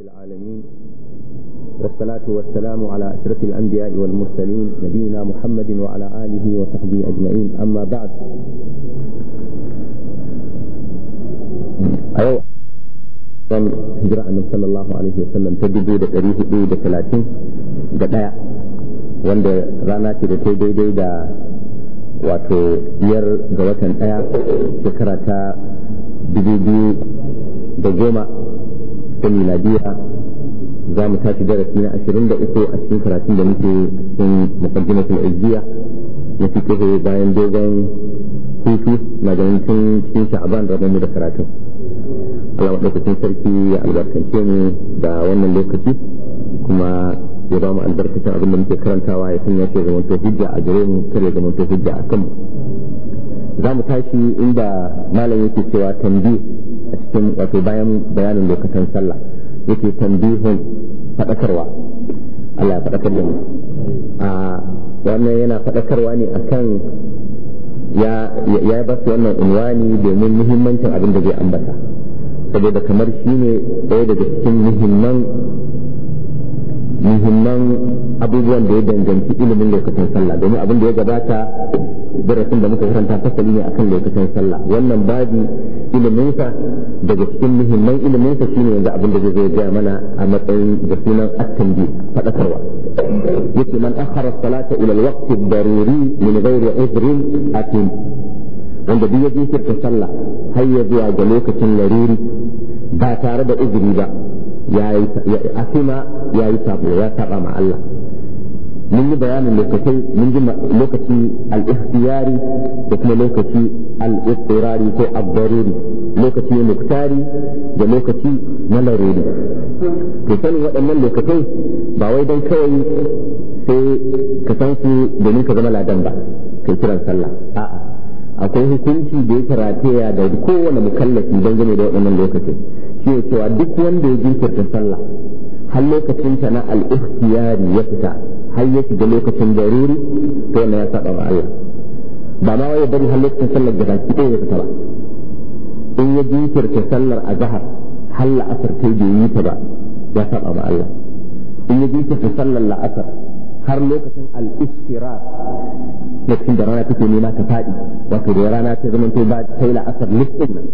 العالمين والصلاة والسلام على أشرف الأنبياء والمرسلين نبينا محمد وعلى آله وصحبه أجمعين أما بعد أيوة هجرة النبي صلى الله عليه وسلم تجدو دا تاريخ دو دا ثلاثين دا دايا وان رانا تي دا تي دا واتو ير جوتن ايا شكرة تا دي دي ta miladiya za mu tashi darasi na ashirin da uku a cikin karatun da muke a cikin muqaddimatul izziya na fikihu bayan dogon hutu na ganin tun cikin sha'aban rabon mu da karatun Allah lokacin sarki ya albarkance mu da wannan lokaci kuma ya ba mu albarkacin abin da muke karantawa ya sanya ce zaman to hujja a gare mu kare zaman to hujja a kanmu za mu tashi inda malam yake cewa tambi cikin wato bayan bayanin lokacin sallah yake tambihun faɗakarwa Allah ya faɗakar da mu a wannan yana faɗakarwa ne akan ya ya ba su wannan unwani domin muhimmancin abin da zai ambata saboda kamar shine ɗaya daga cikin muhimman muhimman abubuwan da ya danganci ilimin lokacin sallah domin abin da ya gabata darasin da muka karanta fasali ne akan lokacin sallah wannan babi iliminsa daga cikin muhimman iliminsa shine yanzu abin da zai gaya mana a matsayin da sunan at fadakarwa yace man akhara as-salata ila al-waqt ad-daruri min ghairi udhrin atim wanda duk ya jinkirta sallah har ya zuwa ga lokacin laruri ba tare da uzuri ba Yayi asima ya sabo ya ma Allah mun yi bayanin lokacin mun ji lokaci al-ikhtiyari da kuma lokaci al-ittirari ko al-daruri lokaci muktari da lokaci na laruri to sanin waɗannan lokacin ba wai don kawai sai ka san su domin ka zama ladan ba kai kiran sallah a'a akwai hukunci da yake rataya da kowane mukallafi don game da waɗannan lokacin shi cewa duk wanda ya jinkirta sallah har lokacin ta na al-ikhtiyari ya fita har ya shiga lokacin daruri to wannan ya saba wa Allah ba ma wai bari har lokacin sallar da baki ɗaya ya fita ba in ya jinkirta sallar zahar har la'asar sai bai yi ta ba ya saba wa Allah in ya jinkirta sallar la'asar har lokacin al-istirar lokacin da rana take nema ta faɗi wato da rana ta zama ta yi la'asar nufin nan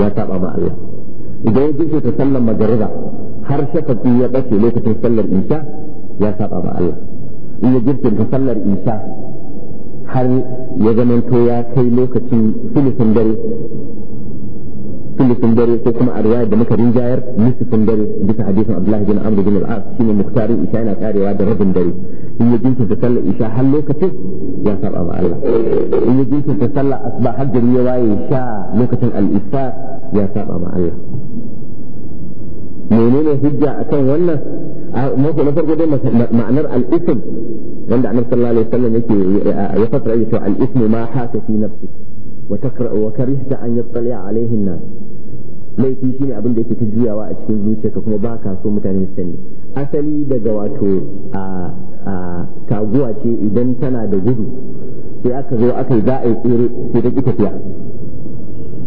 ya saba ma Allah idan ya jinkirta sallar magariba har shafafi ya bace lokacin sallar isha ya saba ma Allah in ya jinkirta sallar isha har ya zamanto ya kai lokacin filifin dare filifin dare ko kuma a riwaya da muka rinjayar nisifin dare bisa hadisin Abdullahi bin Amr bin Al-As shine muktarin isha yana karewa da rabin dare in ya jinkirta sallar isha har lokacin ya saba ma Allah in ya jinkirta sallar asba har gari ya waye sha lokacin al-isha ya saba ma Allah menene hujja akan wannan mako na farko dai ma'anar alisim wanda annabi sallallahu alaihi wasallam yake ya fasara shi cewa ma haka fi nafsi wa takra wa karihta an yattali alaihi nas laifi shine abin da yake ta juyawa a cikin zuciyarka kuma ba ka so mutane su sani asali daga wato a taguwa ce idan tana da gudu sai aka zo aka yi za a yi tsere sai ta ki tafiya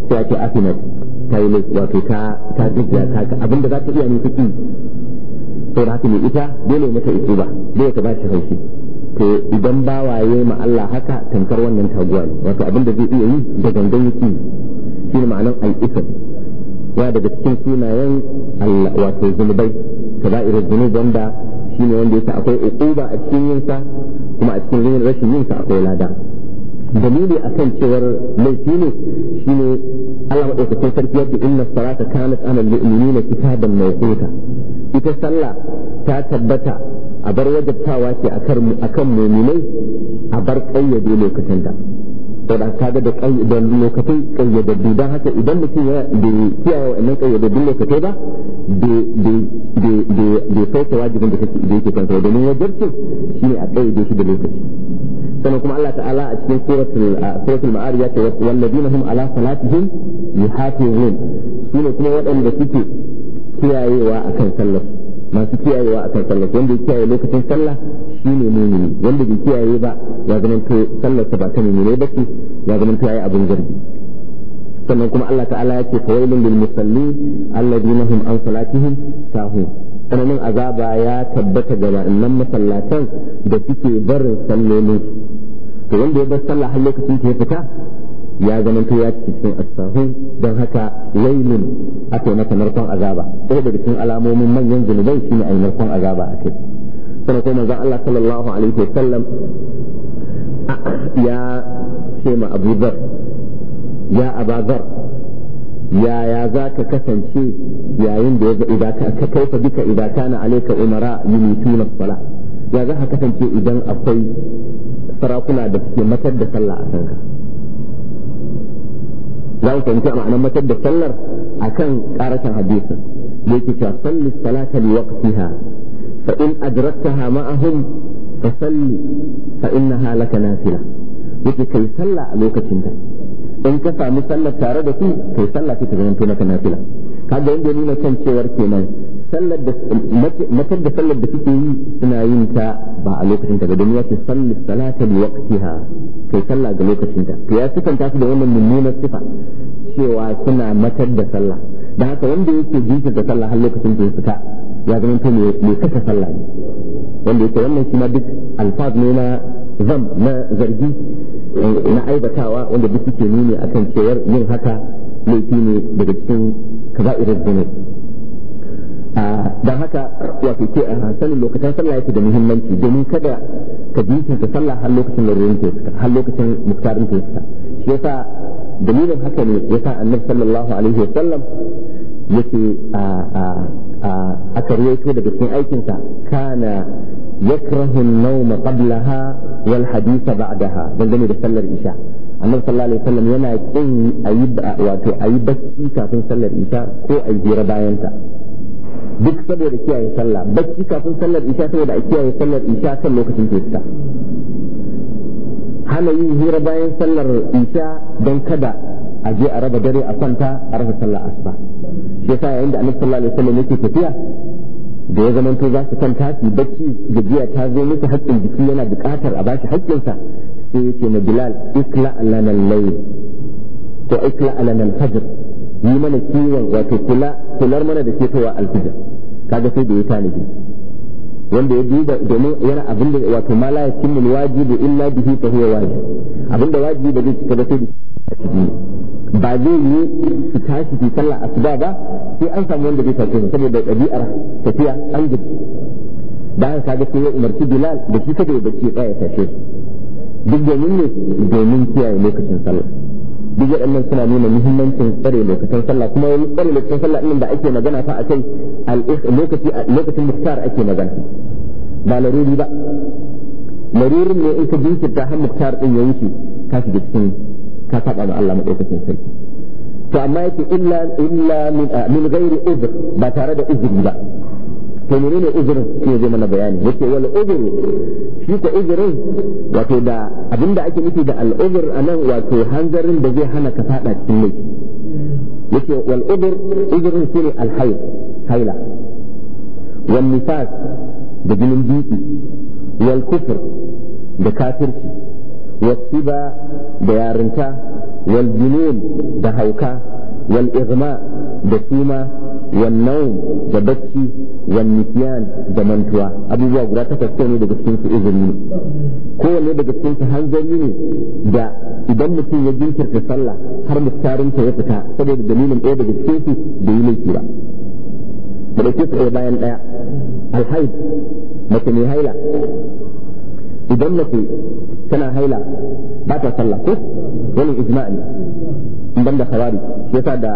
sai ake afinat ta yi wato ta ta ka ta abinda za ta iya ne take to haka ne ita dole mata ba dole ta ba shi haushi to idan ba waye ma Allah haka tankar wannan taguwa ne wato abinda zai iya yi da gangan yake shi ne ma'anar al'isar ya daga cikin sunayen Allah wato zunubai kaba'irar zunub wanda shine wanda yake akwai uquba a cikin yinsa kuma a cikin rashin yinsa akwai lada dalili akan cewar laifi ne shine Allah madaukakin sarki yadda inna salata kanat ala al na kitaban mawquta ita sallah ta tabbata a bar wajabtawa ce akan mu'minai a bar kayyade lokacin ta da kaga da da lokacin kayyadaddu don haka idan mutum ya bai kiyaye wannan kayyadaddun lokacin ba da sauke wajibin da yake kansa da wajabcin shine a kayyade shi da lokaci sannan kuma Allah ta'ala a cikin suratul suratul ya ce walladina hum ala salatihim yuhafizun sune kuma waɗanda suke kiyayewa akan sallar masu kiyayewa akan sallar wanda ya kiyaye lokacin sallah shine mumini wanda bai kiyaye ba ya zama to sallar ba ta mumini ba ce ya zama to yayi abun zargi sannan kuma Allah ta'ala ya ce fawailun lil musallin alladina hum an salatihim sahun tsananin azaba ya tabbata ga wa'annan masallatan da suke barin sallolin to wanda ya bar sallah har lokacin ya fita ya zama to ya cikin asahu don haka wailun aka mata narkon azaba ɗaya daga cikin alamomin manyan zunubai shine a narkon azaba a kai sannan kuma manzon Allah sallallahu alaihi wasallam ya ce ma Abu Dhar ya Abu yaya za ka kasance yayin da ya ka kaifa duka idan kana alaika umara yumituna sala ya za ka kasance idan akwai sarakuna da suke matar da sallah a kanka za ku fahimci a ma'anar matar da sallar a kan ƙarashin hadisin da yake cewa salli salata li waqtiha fa in adraktaha ma'ahum fa salli fa innaha laka nafila yake kai sallah a lokacin ta in ka sami sallar tare da su kai sallah ta zama to naka nafila kaga inda nuna kan cewar kenan sallar da matar da sallar da suke yi suna yin ta ba a lokacin ta ba don ya ce salli salata bi waqtiha kai sallah ga lokacin ta to ya sifanta su da wannan mummunar sifa cewa suna matar da sallah da haka wanda yake jinsa da sallah har lokacin da ya fita ya zama to mai kasa sallah ne wanda yake wannan shi ma duk alfaz ne na zam na zargi na aibatawa wanda duk suke nuni kan cewar yin haka laifi ne daga cikin kaza irin zunub don haka wato ke a sanin lokacin sallah yake da muhimmanci domin kada ka jikin ta sallah har lokacin larurin ke suka har lokacin muktarin ke suka shi yasa dalilin haka ne yasa annabi sallallahu alaihi wasallam yake a a a daga cikin aikinsa kana يكره النوم قبلها والحديث بعدها دنگane da sallar isha annabi sallallahu alaihi wasallam yana kin ayi wato ayi bacci kafin sallar isha ko ayi hira bayan duk saboda kiyaye sallah bacci kafin sallar isha saboda a kiyaye sallar isha kan lokacin ta hana yin hira bayan sallar isha don kada a je a raba dare a kwanta a rasa sallar asuba shi yasa yayin da annabi sallallahu alaihi yake tafiya da ya zamanto za su kwanta su bacci gajiya ta zo musu haƙƙin jiki yana buƙatar a bashi haƙƙinsa sai yake na bilal ikla lana layl ko ikla lana alfajr yi mana kiwon wato kula kular mana da ke ketowa alfajr kaga sai da ya tanadi wanda ya duba domin yana abin da wato ma la yakimul wajibu illa bihi ta huwa wajib abin da wajibi ba zai cika ba sai da ba zai yi su tashi su sallah su ba sai an samu wanda zai tashi saboda ɗabi'ar tafiya an gudu da haka kaga sai ya umarci Bilal da shi kada ya bacci tsaya tashi duk domin ne domin kiyaye lokacin sallah duk waɗannan suna nuna muhimmancin tsare lokacin sallah kuma wani tsare lokacin sallah ɗin da ake magana fa kai lokaci lokacin muktar ake magana ba laruri ba larurin ne in ka jinkirta har muktar ɗin ya wuce ka shiga cikin ka saba ma Allah madaukakin sarki to amma yake illa illa min ah, ghairi udhr ba tare da uzuri ba to menene uzurin shi zai mana bayani yake wal uzur shi ko uzurin wato da abinda ake nufi da al uzur anan wato hanzarin da zai hana ka fada cikin laifi yake wal uzur uzurin shine al hayl haila wal nifas da jinin biki wal kufr da kafirci wasiba da yarinta wal da hauka wal igma da suma wal da bacci wal da mantuwa abubuwa guda takwas ne daga cikin su izini kowanne daga cikin su hanzari ne da idan mutum ya ginkirta sallah har mu mustarinta ya fita saboda dalilin ɗaya daga cikin da yi laifi ba da ɗauke su ɗaya bayan ɗaya alhaid mace mai haila idan mace tana haila ba ta sallah wani ijma ne ban da khawarij yasa da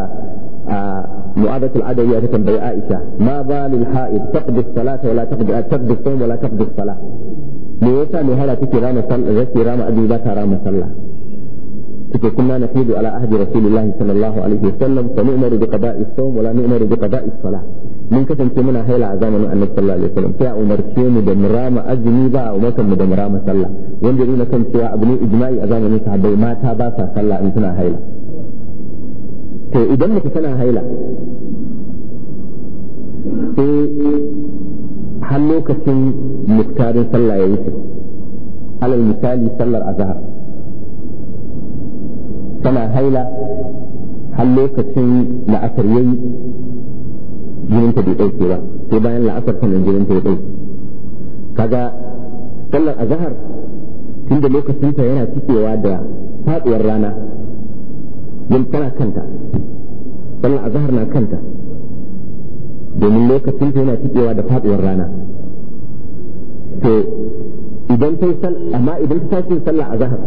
mu'adat al-adawi tambayi Aisha ma balil ha'id taqdi as-salata wa la taqdi at-tabdi as-sawm wa la taqdi as-salah me yasa ne haila take rama sallah take rama azumi ba ta rama sallah take kunna nafidu ala ahdi rasulullahi sallallahu alaihi wasallam fa nu'maru bi qada'i as-sawm wa la nu'maru bi qada'i as-salah mun kasance muna haila a zamanin annabi sallallahu alaihi wasallam sai a umarce mu da murama azumi ba a umarce mu da murama sallah wanda nuna kan cewa abu ne ijma'i a zamanin sahabbai mata ba sa sallah in suna haila to idan mace tana haila sai har lokacin muktarin sallah ya wuce alal misali sallar azhar tana haila har lokacin la'asar yayi jinin ta bai dauke ba sai bayan la'asar kan jinin ta ya dauke kaga sallar azhar tunda lokacin ta yana cikewa da faduwar rana yin tana kanta sallar azhar na kanta domin lokacin ta yana cikewa da faduwar rana to idan ta amma idan ta tashi sallar azhar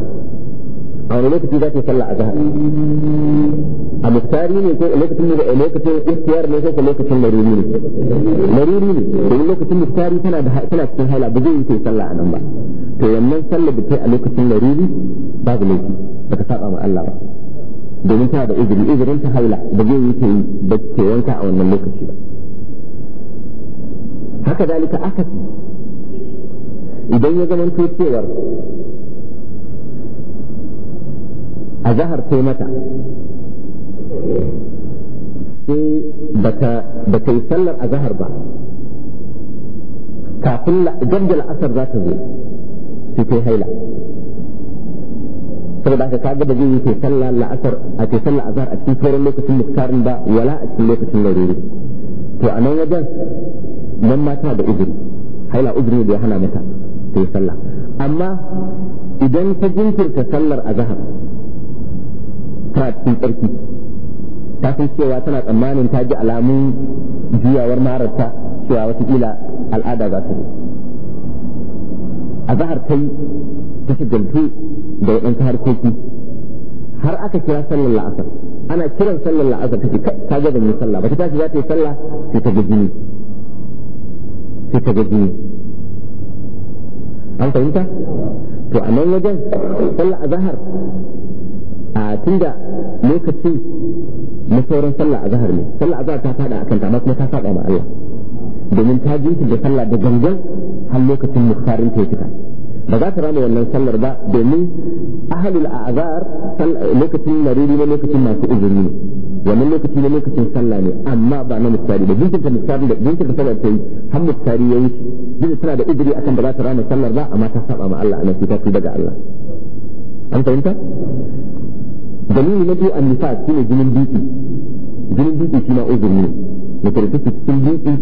a wani lokaci za ta sallah azhar a muftari ne ko lokacin da lokacin ikhtiyar ne ko lokacin laruri ne laruri ne domin lokacin muftari tana da tana cikin haila ba zai yi ta sallah anan ba to wannan sallah da kai a lokacin laruri babu laifi baka saba ma Allah ba domin tana da izini izinin ta haila ba zai yi ta yi ba ta wanka a wannan lokaci ba haka dalika akasi idan ya zama to cewar a zahar mata sai ba ta yi sallar a zahar ba kafin gangala asar za ta zo sai ta haila saboda haka kaga da zai yi ke sallah la'asar a ke sallah azhar a cikin sauran lokacin muktarin ba wala a cikin lokacin laruri to a nan wajen nan mata da uzuri haila uzuri da ya hana mata ta yi sallah amma idan ta jinkirta sallar azhar ta cikin tsarki ta san cewa tana tsammanin ta ji alamun juyawar mararta cewa watakila al'ada za ta zo a zahar ta yi ta shigaltu da waɗansu harkoki har aka kira sallar la'asar ana kiran sallar la'asar take ta ga mai yi sallah ba ta tashi za ta yi sallah sai ta gajini jini sai ta gajini an fahimta to a nan wajen sallar zahar. a tunda lokacin na sauran sallah a zahar ne sallah a zahar ta fada akan ta amma kuma ta saba ma Allah domin ta da sallah da gangan har lokacin muktarin ta fita ba za ta rama wannan sallar ba domin ahalul azar lokacin laruri ne lokacin masu izini ne wannan lokaci ne lokacin sallah ne amma ba na muktari ba jinkirta muktari da jinkirta sallar ta yi har muktari ya yi duk tana da izini akan ba za ta rama sallar ba amma ta saba ma Allah anan sai ta daga Allah an fahimta dalili na biyu annifas shine jinin dutse jinin dutse shi ma uzuri ne mutum take cikin dutse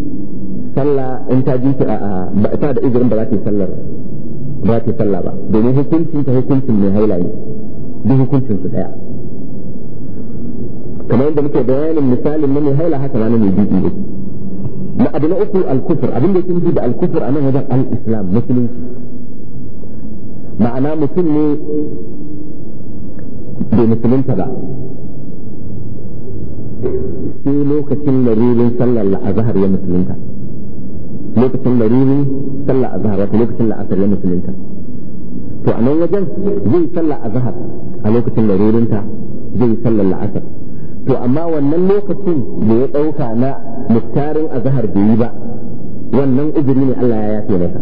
sallah in ta dutse a a ta da uzurin ba za ta yi sallar ba za ta yi sallah ba domin hukuncin ta hukuncin mai haila ne duk hukuncin su daya kamar yadda muke bayanin misalin na mai haila haka na mai biki ne na abu na uku al-kufr abin da yake da al-kufr a nan wajen al-islam musulunci ma'ana mutum ne bai musulunta ba sai lokacin larurin sallar la'azahar ya musulunta lokacin larurin sallar azahar wata lokacin la'asar ya musulunta to a nan wajen zai sallar azahar a lokacin larurinta zai sallar la'asar to amma wannan lokacin da ya ɗauka na muktarin azahar bai yi ba wannan izini ne Allah ya yafe masa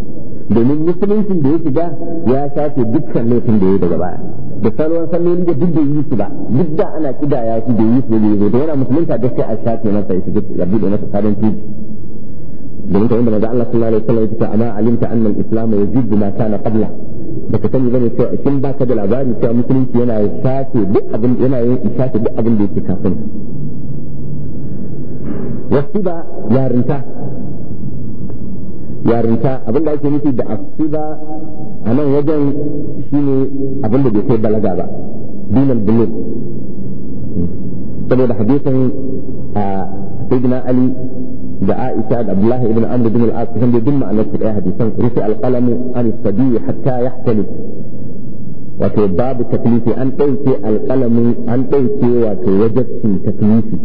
domin musuluncin da ya shiga ya shafe dukkan laifin da ya daga baya da salwan sallolin da duk da yi su ba duk da ana kidaya su da yi su ne zo da yana musulunta da sai a shafe masa ya shiga ya bude masa sabon tiji domin kamar da manzo Allah sallallahu alaihi wasallam yake amma alimta anna al-islam yajibu ma kana qabla baka sani bane cewa kin baka da labari cewa musulunci yana shafe duk abin yana yin shafe duk abin da yake kafin wasu ba yarinta yarinta abinda ake nufi da asiba a nan wajen shine abinda bai kai balaga ba dinar bulur saboda hadisin a sayyidina ali da aisha da abdullahi ibn amr bin al-as sun da duk ma'anar su ɗaya hadisan rufi alqalamu an sabi hatta yahtalib wato babu taklifi an ɗauke alqalamin an ɗauke wato wajabci taklifi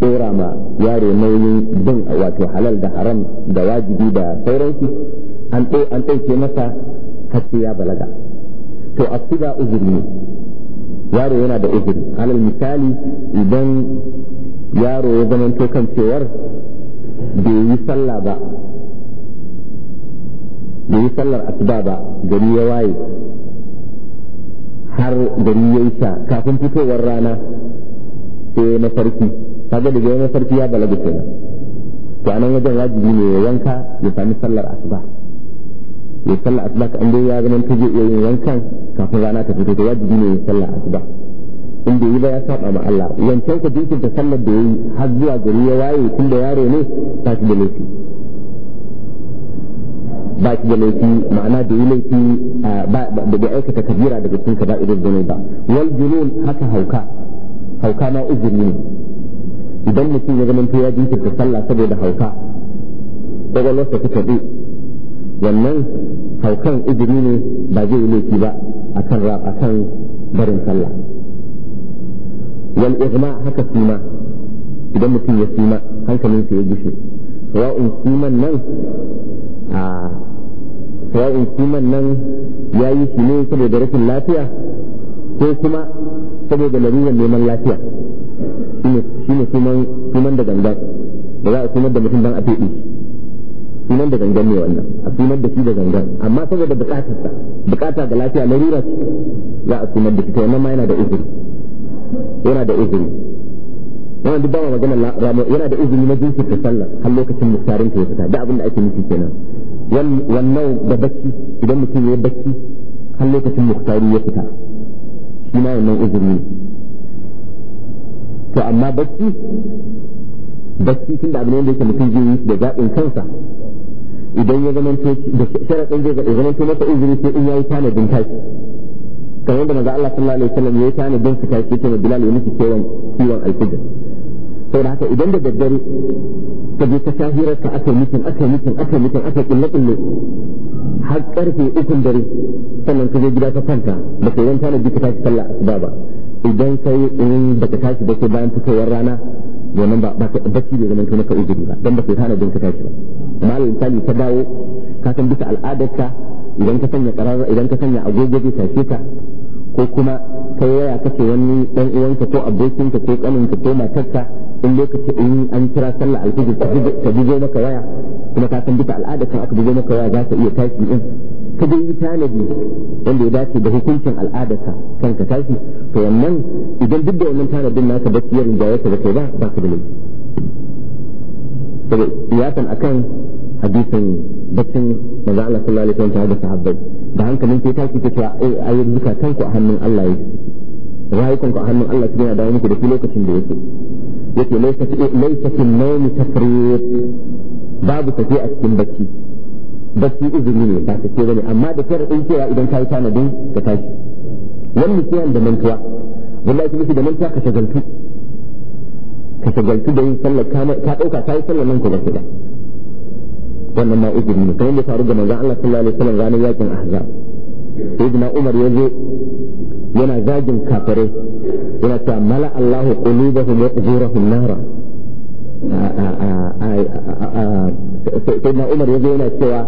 dora ma yaro nauyin bin wato halal da haram da wajibi da sauransu an ɗauke masa har ya balaga to asiba uzuri ne yaro yana da uzuri halal misali idan yaro ya zamanto kan cewar bai yi sallah ba bai yi sallar asuba ba gari ya waye har gari ya yi sha kafin fitowar rana sai mafarki kaga daga wani sarki ya balaga kenan to anan wajen wajibi ne ya wanka ya sami sallar asuba ya sallar asuba ka inda dai ya ganin ta zai yin wankan kafin rana ta fito to wajibi ne ya sallar asuba in yi ba ya saba ma Allah wancan ka ta sallar da yayi har zuwa gari ya waye tun da yaro ne ta shi da laifi ba ki da laifi ma'ana da yi laifi daga aikata kabira daga cikin kaba'ir ba wal junun haka hauka hauka na uzuri ne idan mutum ya zama ya jinkirta sallah saboda hauka kwakwalwarsa ta taɓe wannan haukan izini ne ba zai yi laifi ba a kan a barin sallah wal igma haka suma idan mutum ya suma sa ya gushe sawa'un suman nan a sawa'un suman nan ya yi shi ne saboda rashin lafiya ko kuma saboda larurar neman lafiya da gangan da za a sunan da mutum dan a da gangan ne wannan a sunan da shi da gangan amma saboda bukatarsa bukata ga lafiya za a sunan da ita yana da izini yana da izini wannan duk magana ramo yana da izini na jinkirta har lokacin muktarin ta ya fita da abin da ake nufi kenan wannan da bacci idan mutum ya bacci har lokacin muktari ya fita shi ma wannan izini ne to amma bacci bacci tun da abu ne da yake mutum zai yi da zaɓin kansa idan ya zama to da sharaɗin zai zaɓi zama to mata izini sai in yayi tanadin tashi kamar da maza Allah sallallahu alaihi wasallam yayi tanadin su tashi yake na Bilal ya miki kiwon kiwon alfijir saboda haka idan da daddare ka je ka shahirar ka aka mutum aka mutum aka mutum aka kulle kulle har karfe ukun dare sannan ka je gida ka kwanta ba ka wani tanadi ka tashi sallah asuba ba idan kai in baka tashi ba sai bayan fitowar rana domin ba bacci bai zama ka uzuri ba dan ba sai tana don ka tashi ba malin misali ka dawo ka san bisa al'adarka idan ka sanya karar idan ka sanya agogo zai tashe ka ko kuma kai waya ce wani dan uwanka ko abokinka ko kaninka ko matarka in lokaci in an kira sallah alfajir ta bugo maka waya kuma ka san bisa al'adarka aka bugo maka waya za ka iya tashi din ka dai yi tanadi wanda ya dace da hukuncin al'adarka kanka tashi to wannan idan duk da wannan tanadin naka bacci ya rinjaye ka da kai ba ba ka da laifi saboda iyakan akan hadisin baccin manzo Allah sallallahu alaihi wasallam da sahabbai da hankalin ke tashi kace eh, ayi zakatan ku a hannun Allah yake rayukan ku a hannun Allah kuma da muku da shi lokacin da yake yake laysa laysa fil nawmi tafriq babu tafi a cikin bacci bacci izini ne ba ta ce bane amma da din cewa idan kai yi tanadin ka tashi wani kiyan da mantuwa wallahi miki da mantuwa ka shagaltu ka shagaltu da yin sallar ka dauka ta yi sallar nan ko ba ba wannan ma izini ne kai da faru ga manzon Allah sallallahu alaihi wasallam ranar yakin ahzab sayyidina Umar ya zo yana zagin kafare yana ta mala Allahu qulubahum wa quburahum nara سيدنا عمر يقول سوى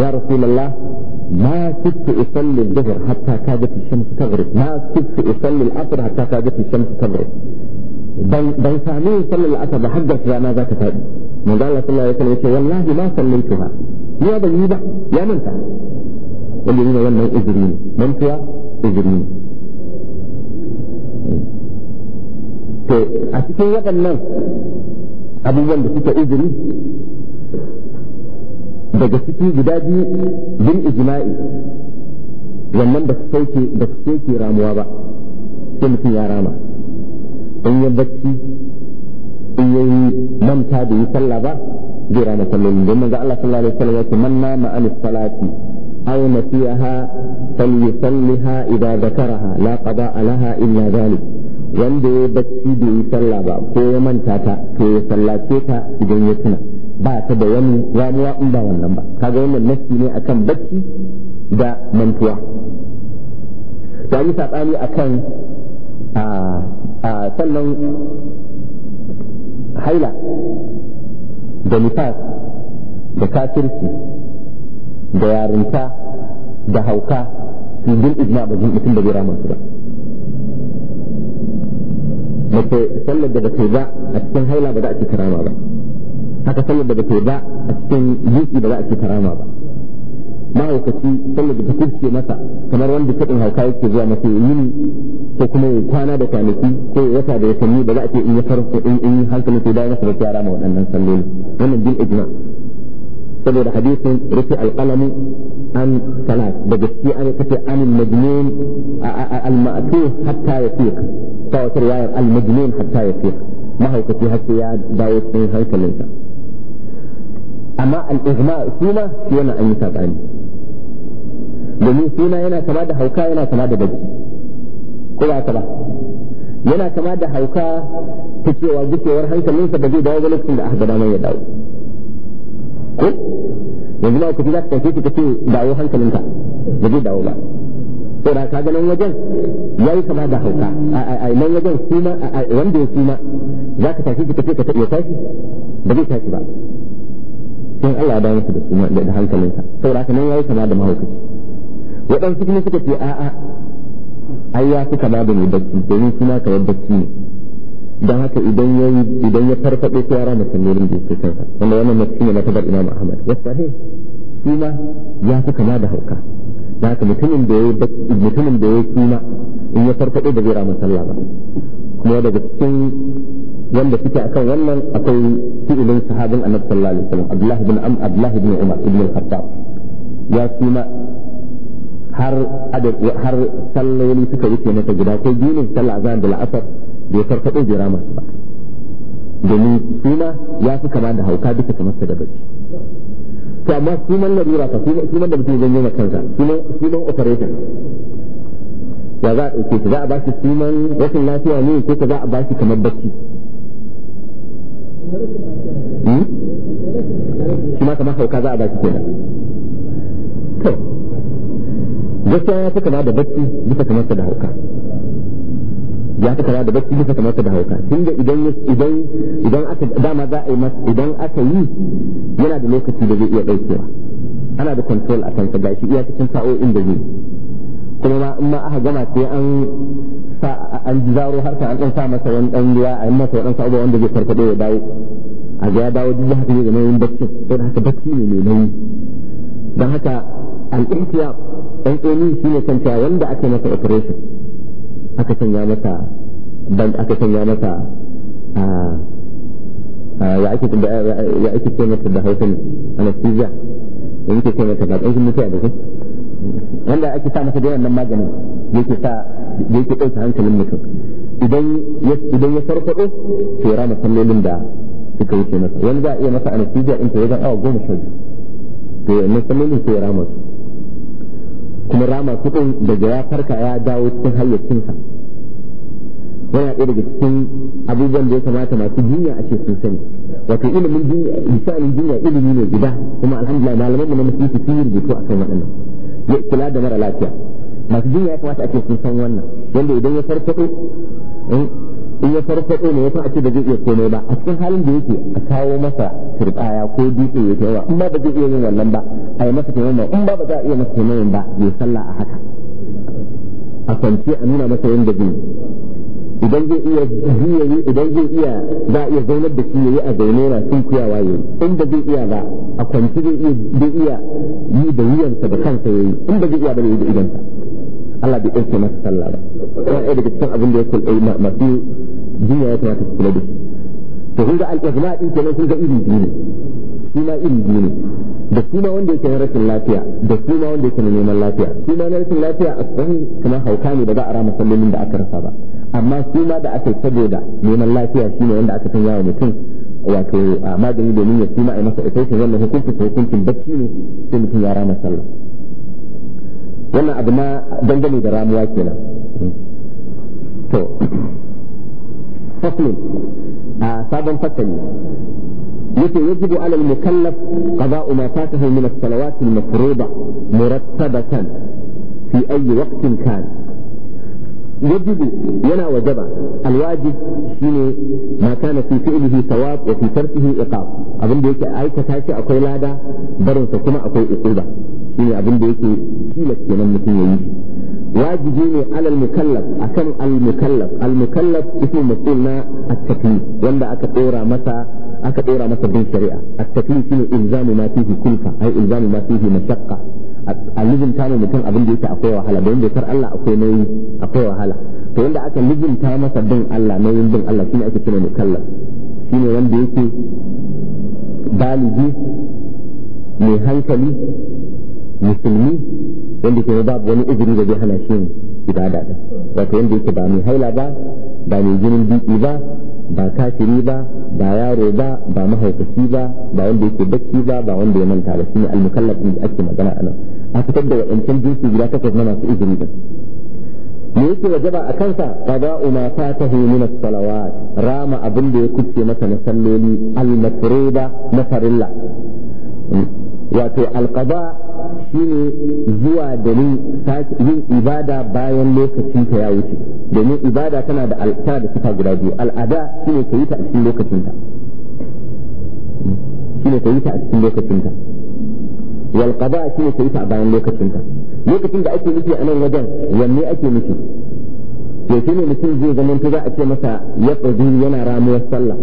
يا رسول الله ما كنت أصلي الظهر حتى كادت الشمس تغرب ما كنت أصلي العصر حتى كادت الشمس تغرب بل سامي صلى العصر بحدث ما ذاك فادي من قال صلى الله عليه وسلم والله ما صليتها يا بيبة يا منفع اللي هنا ولا إجرين من فيها to a cikin waɗannan abubuwan da suka izini daga ciki guda biyu bin ijma'i wannan da sauke da sauke ramuwa ba sai mutum ya rama in yi bacci in yi manta da yi sallah ba zai rama sallolin don manzo Allah sallallahu alaihi wasallam ya ce man nama an salati aw nasiyaha falyusalliha idza dhakaraha la qada'a laha illa dhalik wanda ya bacci bai yi sallah ba ko ya manta ta to ya sallace ta idan ya tuna ba ta da wani ramuwa in ba wannan ba kaga wannan nasi ne akan bacci da mantuwa ya yi saɓani akan a sannan haila da nifas da kafirci da yarinta da hauka su jin ijma ba mutum da bai ramar su ba bace sallar da bace ba a cikin haila ba za a ci karama ba haka sallar da bace ba a cikin yuki ba za a ci karama ba ma'aikaci sallar da ta ce masa kamar wanda kaɗin hauka yake zuwa masa yini ko kuma ya kwana da kwanaki ko ya wata da ya sanyi ba za a ce in ya farko in in hankali sai dawo masa da yara ma waɗannan salloli wannan bin ijma saboda hadisin rufi alƙalamu. عن ثلاث بجسي أن كتي عن المجنون المأتوه حتى يفيق فوت رواية المجنون حتى يفيق ما هو كتي حتى يا داود من هاي كلمة أما الإغماء سيما سيما yi يتابعني domin suna yana kama da hauka yana kama da bacci ko ba ka ba yana kama da hauka ta cewa gusewar hankalinsa ba zai dawo ba lokacin da aka gada ya dawo ko yanzu ma kuma za ka ɗauke shi ka ce dawo hankalinka ba zai dawo ba saboda ka ga nan wajen ya yi kama da hauka a nan wajen suma wanda ya suma za ka tashi ka ce ka taɓa tashi ba zai tashi ba sai Allah ya dawo da suma da hankalinka saboda ka nan ya yi kama da mahaukaci waɗansu kuma suka ce a'a ai ya fi kama da mai bacci domin suma kamar bacci ne don haka idan ya idan ya farfaɗo ko yara musulmin da yake kansa wanda wannan mutum na matabar imam ahmad ya sahi kuma ya fi kama da hauka da haka mutumin da ya mutumin da ya kuma in ya farfaɗo da zai rama sallah ba kuma daga cikin wanda suke akan wannan akwai fi'ilin sahabin annabi sallallahu alaihi wasallam abdullahi bin am abdullahi bin umar ibn al-khattab ya kuma har adad har salloli suka wuce ta gida ko ginin sallah azan da la'asar bai farfaɗo jira masu ba domin suna ya fi kama da hauka duka kamar su da bacci to amma sunan larura fa sunan da mutum ya janyo kansa sunan operation ya za a ɗauke shi za a ba shi sunan rashin lafiya ne ko za a ba shi kamar bacci hmm? shi ma kamar hauka za a ba shi kenan to gaskiya ya fi kama da bacci bisa kamar sa da hauka ya fi kama da bacci bisa kamar da hauka tunda idan idan idan aka dama za a yi masa idan aka yi yana da lokaci da zai iya daukewa ana da control a kansa gashi iya cikin sa'o'in da zai kuma ma in ma aka gama sai an sa an zaro harka an dan sa masa wani dan ruwa a yi masa wani sa'o'i wanda zai farfado ya dawo a ga ya dawo duk haka zai zama nauyin bacci don haka bacci ne mai nauyi don haka al-ihtiyar dan tsoni shine kanta wanda ake masa operation aka sanya masa ban aka sanya masa ya ake ya ake ce mata da hausa anesthesia da yake ce mata da ɗaukin mutuwa da ku wanda ake sa masa da wannan maganin yake sa yake ɗauka hankalin mutum idan idan ya farfaɗo to rana sallolin da suka wuce masa wani za a iya masa anesthesia in ta wajen awa goma sha biyu to ne sallolin sai ya rama su kuma rama kuɗin daga ya farka ya dawo cikin hayyacinsa wani ɗaya daga cikin abubuwan da ya kamata masu jinya a cikin sun sani wato ilimin jinya jinya ilimi ne gida kuma alhamdulillah malaman mu na musulunci sun yi rubutu kan waɗannan ya kula da mara lafiya masu jinya ya kamata a ce sun san wannan wanda idan ya farfaɗo eh, in ya farfaɗo ne ya san a ce da zai iya komai ba a cikin halin da yake a kawo masa turbaya ko dutse ya tawa in ba ba zai iya yin wannan ba a yi masa taimama in ba ba za a iya masa taimama ba ya sallah a haka a kwance a nuna masa yadda zai idan zai iya zuwa idan zai iya za a iya zaunar da shi yayi a zaune yana sun kuyawa yayi ba zai iya ba a kwance zai iya yi da wuyansa da kansa yayi ba zai iya ba da yi da idansa Allah bai ɗauke masa sallah ba yana ɗaya daga cikin abin da ya kula masu jinya ya kamata su kula da shi to kun ga al-ijma din kenan kun ga iri biyu ne shi ma iri biyu da shi ma wanda yake na rashin lafiya da shi ma wanda yake na neman lafiya shi ma na rashin lafiya a tsarin kamar hauka ne ba za a rama sallolin da aka rasa ba amma shi ma da aka yi saboda neman lafiya shi ne wanda aka sanya wa mutum wato magani domin ya shi ma a yi masa ita shi wannan hukuncin hukuncin bacci ne sai mutum ya rama sallah wannan abu na dangane da ramuwa kenan to fasli a sabon fasali yake yajibu ala al-mukallaf qada'u ma fatahu min as-salawat al-mafruda murattabatan fi ayyi waqtin kan yajibu yana wajaba al shine mata kana fi fi'lihi thawab wa fi tarkihi iqab abinda yake aikata shi akwai lada barinsa kuma akwai uquba shine abin da yake tilas kenan mutum ya yi wajibi ne alal mukallaf akan al mukallaf al mukallaf ismu mas'ul na at-taklif wanda aka dora masa aka dora masa bin shari'a at-taklif shine ilzamu ma fihi kulfa ai ilzamu ma fihi mashaqqa a lizinta ne mutum abin da yake akwai wahala don dokar Allah akwai nauyi akwai wahala to wanda aka lizinta masa bin Allah nauyin bin Allah shine ake cewa mukallaf shine wanda yake baligi mai hankali musulmi wanda ke babu wani izini da zai hana shi ibada da wato wanda yake ba mai haila ba ba mai jinin biki ba ba kafiri ba ba yaro ba ba mahaukaci ba ba wanda yake bacci ba ba wanda ya manta ba shine al-mukallaf da ake magana anan a fitar da wadancan jinsi guda takwas na masu izini da me yake wajaba a kansa qada'u ta fatahu min as-salawat rama abin da ya kuce masa na salloli al-mafruda na farilla wato al-qada' shine zuwa da domin yin ibada bayan lokacin ta ya wuce domin ibada tana da al'ada da suka guda biyu al'ada shine ka yi ta a cikin lokacin ta shine ka yi ta a cikin lokacin ta wal qada shine ka yi ta bayan lokacin ta lokacin da ake nufi a nan wajen wanne ake nufi to shine mutum zai zama ta za a ce masa ya fadi yana ramuwar sallah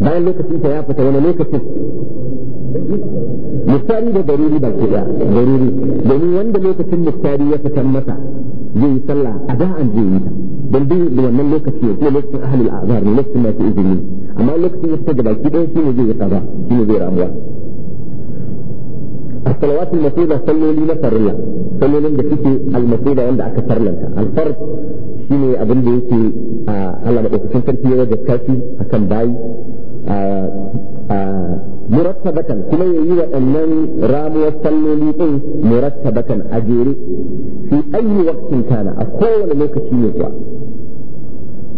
bayan lokacin ta ya fita wani lokacin misali da daruri ba ke da daruri domin wanda lokacin misali ya fitan masa zai yi sallah a da'an zai yi ta don duk da wannan lokaci ya lokacin ahalul azhar ne lokacin masu izini amma lokacin ya fita gabaki ɗaya shi ne zai yi kaza shi ne zai ramuwa الصلوات المفروضة da لي نفر الله صلوا لي بكتي المفروضة عند shine abin da شيني a بيكي على ما أكثر في وجه كاتي أكم باي murattabatan kuma ya yi waɗannan ramuwar salloli ɗin murattabatan a jere fi ayi waktin kana a kowane lokaci ne kuwa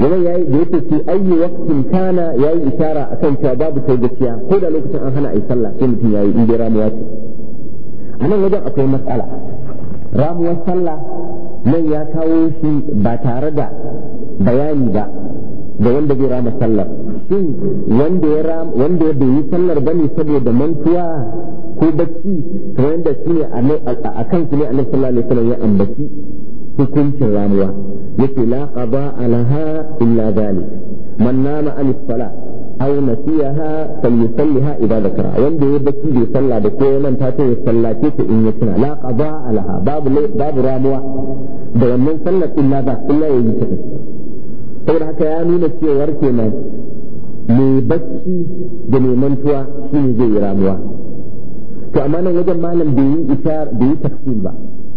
wannan yayi da yake fi ayi waktin kana ya yi isara kan cewa babu kai gaskiya ko da lokacin an hana a yi sallah sai mutum ya in inda ramuwa ce a nan wajen akwai matsala ramuwar sallah nan ya kawo shi ba tare da bayani ba da wanda bai rama sallar shin wanda ya ram wanda bai yi sallar bane saboda mantuwa ko bacci kamar yadda shi ne a kan shi ne annabi sallallahu alaihi wasallam ya ambaci hukuncin ramuwa yace la qada alaha illa dhalik man nama an as-salah aw nasiyaha falyusalliha idza dhakara wanda ya bacci bai sallah da ko nan ta ya sallace ta in ya tuna la qada alaha babu babu ramuwa da wannan sallar illa ba illa yayi ta saboda haka ya nuna cewar kenan mai bacci da mai mantuwa shi ne zai yi ramuwa to amma nan wajen malam bai yi isar bai yi tafsir ba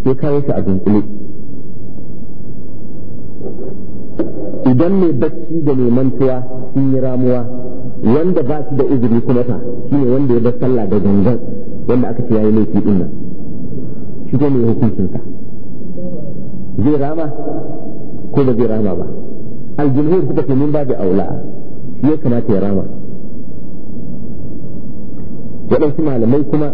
sai kawo shi a dunkule idan mai bacci da mai mantuwa sun yi ramuwa wanda ba shi da izini kuma ta shi ne wanda ya bar sallah da gangan wanda aka ce yayi laifi din nan shi ne mai hukuncin zai rama ko ba zai rama ba aljumhur suka ce min babu aula ya kamata ya rama waɗansu malamai kuma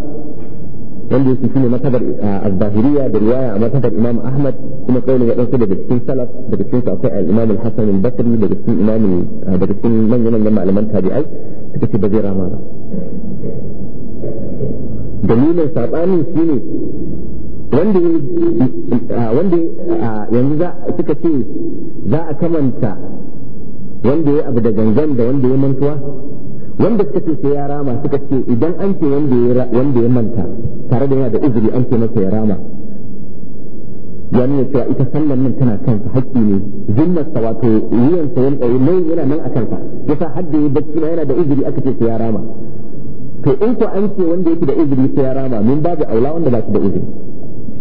wanda yake shine matabar az da riwaya a matabar imam ahmad kuma kaulin waɗansu daga cikin salaf daga cikin akwai al-imam al-hasan al-basri daga cikin imam daga cikin manyan manyan malaman tabi'ai suka ce ba zai rama ba dalilin sabani shine wanda yanzu za suka ce za a kamanta wanda ya abu da gangan da wanda ya mantuwa wanda suka ce sai ya rama suka ce idan an ce wanda ya manta tare da yana da uzuri an ce masa ya rama ya nuna cewa ita sallan nan tana kansa haƙƙi ne sa wato wuyansa yan ɗauri mai yana nan a kansa yasa har da ya bacci ma yana da uzuri aka ce sai ya rama to in ko an ce wanda yake da uzuri sai ya rama min babu aula wanda ba shi da uzuri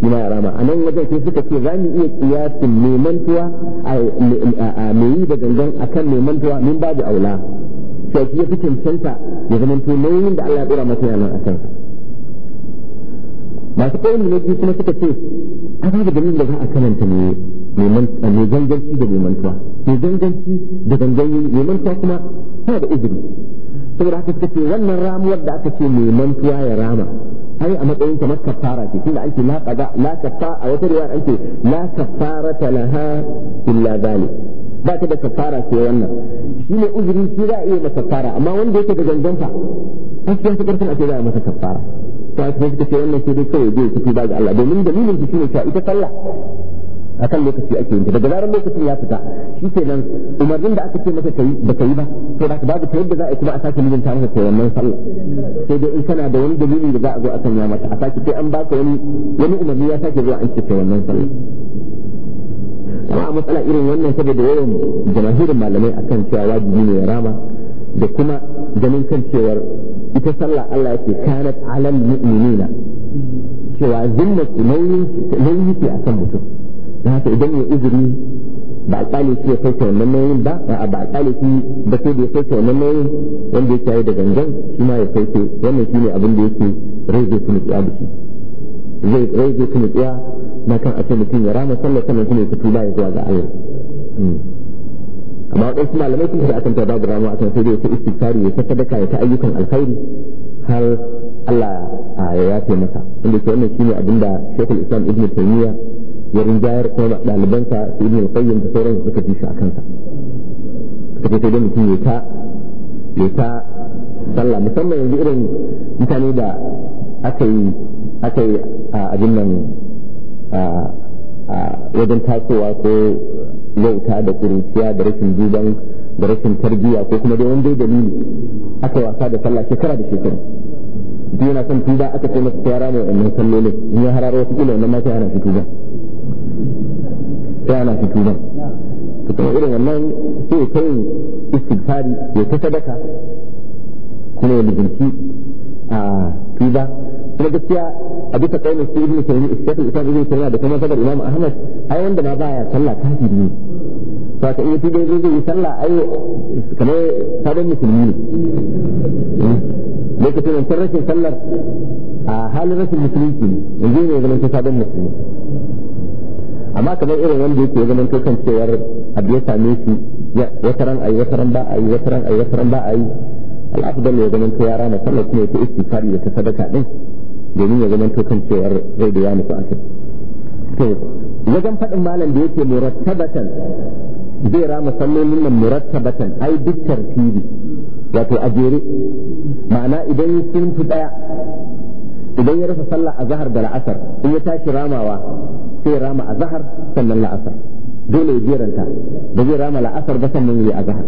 ina ya rama a nan wajen sai suka ce za mu iya kiyasin mantuwa a mai da gangan akan mantuwa min da aula sai ya fi cancanta ya zama to nauyin da Allah ya dora masa yana akan masu kawai ne biyu kuma suka ce a da ganin da za a kananta ne mai ganganci da mantuwa mai ganganci da mai mantuwa kuma tana da izini saboda haka suka ce wannan ramuwar da aka ce mantuwa ya rama ai a matsayin kamar kafara ce kila ake la qada la kafa a wata riwaya ake la kafarata laha illa zalik ba ta da kafara ce wannan shi ne uzuri shi za a iya masa kafara amma wanda yake da gangan fa gaskiya ta karfin ake za a masa kafara to a cikin shi ce wannan sai dai kawai zai tafi ba ga Allah domin dalilin shi ne cewa ita sallah akan lokaci ake yin ta daga zarar lokacin ya fita shi nan umarnin da aka ce masa kai ba kai ba to da babu ta yadda za a kuma a sake mijinta maka kai wannan sallah sai dai in kana da wani dalili da za a zo a sanya a sake sai an baka wani wani umarni ya sake zuwa an ce kai wannan sallah amma matsala irin wannan saboda yawan jamahirin malamai akan cewa wajibi ne ya rama da kuma ganin kan cewar ita sallah Allah yake kanat alal mu'minina cewa zimmatu nauyi ce a kan mutum da haka idan mai uzuri ba a kyale shi ya sauke wannan nauyin ba a ba a kyale shi ba sai da ya sauke wannan nauyin wanda yake yayi da gangan shi ma ya sauke wannan ne abin da yake rai zai kuma tsaya da shi zai rai zai kuma na kan a ce mutum ya rama sallar sannan kuma ya fito ba ya zuwa ga Allah hmm. amma waɗansu malamai sun da akan ta babu rama akan sai da ya ta istighfari ya ta sadaka ya ta ayyukan alkhairi har Allah ya yafe masa inda ke wannan abin da Sheikhul Islam Ibn Taymiyyah ya rinjayar kuma ɗalibansa su al-qayyim da sauran suka ji shi a kansa suka ce sai mutum ya ta ya ta sallah musamman yanzu irin mutane da aka yi aka yi abin nan wajen tasowa ko wauta da kuruciya da rashin duban da rashin tarbiyya ko kuma dai wanda dai dalili aka wasa da sallah shekara da shekara duk yana son tuba aka ce masa yara ne wannan sallolin in ya hararo wasu kila wannan ma sai ana shi tuba sai ana fito ban to kuma irin wannan sai ya kai istighfari ya ta sadaka kuma ya lizinci a tuba kuma gaskiya a bisa kaunin su ibn taymi istighfar ibn ibn taymi da kuma sabar imam ahmad ai wanda ma baya sallah fi ne to ka iya tuba zai yi sallah ai kamar sabon musulmi ne lokacin wancan rashin sallar a halin rashin musulunci ne yanzu ne zaman sabon musulmi amma kamar irin wanda yake ya zama kan cewar abu ya same shi wata ran ayi wata ran ba ayi wata ran ayi wata ran ba ayi al'afdal ya zama to ya rana sallar kuma ta istighfari da ta sadaka din domin ya zama kan cewar zai da ya mutu akai to wajen faɗin malam da yake murattabatan zai rama sallolin nan murattabatan ai duk tartibi wato a jere ma'ana idan sun fi daya idan ya rasa sallah a zahar da la'asar in ya tashi ramawa sai rama a zahar sannan la'asar dole ya jeranta da zai rama la'asar ba sannan ya azhar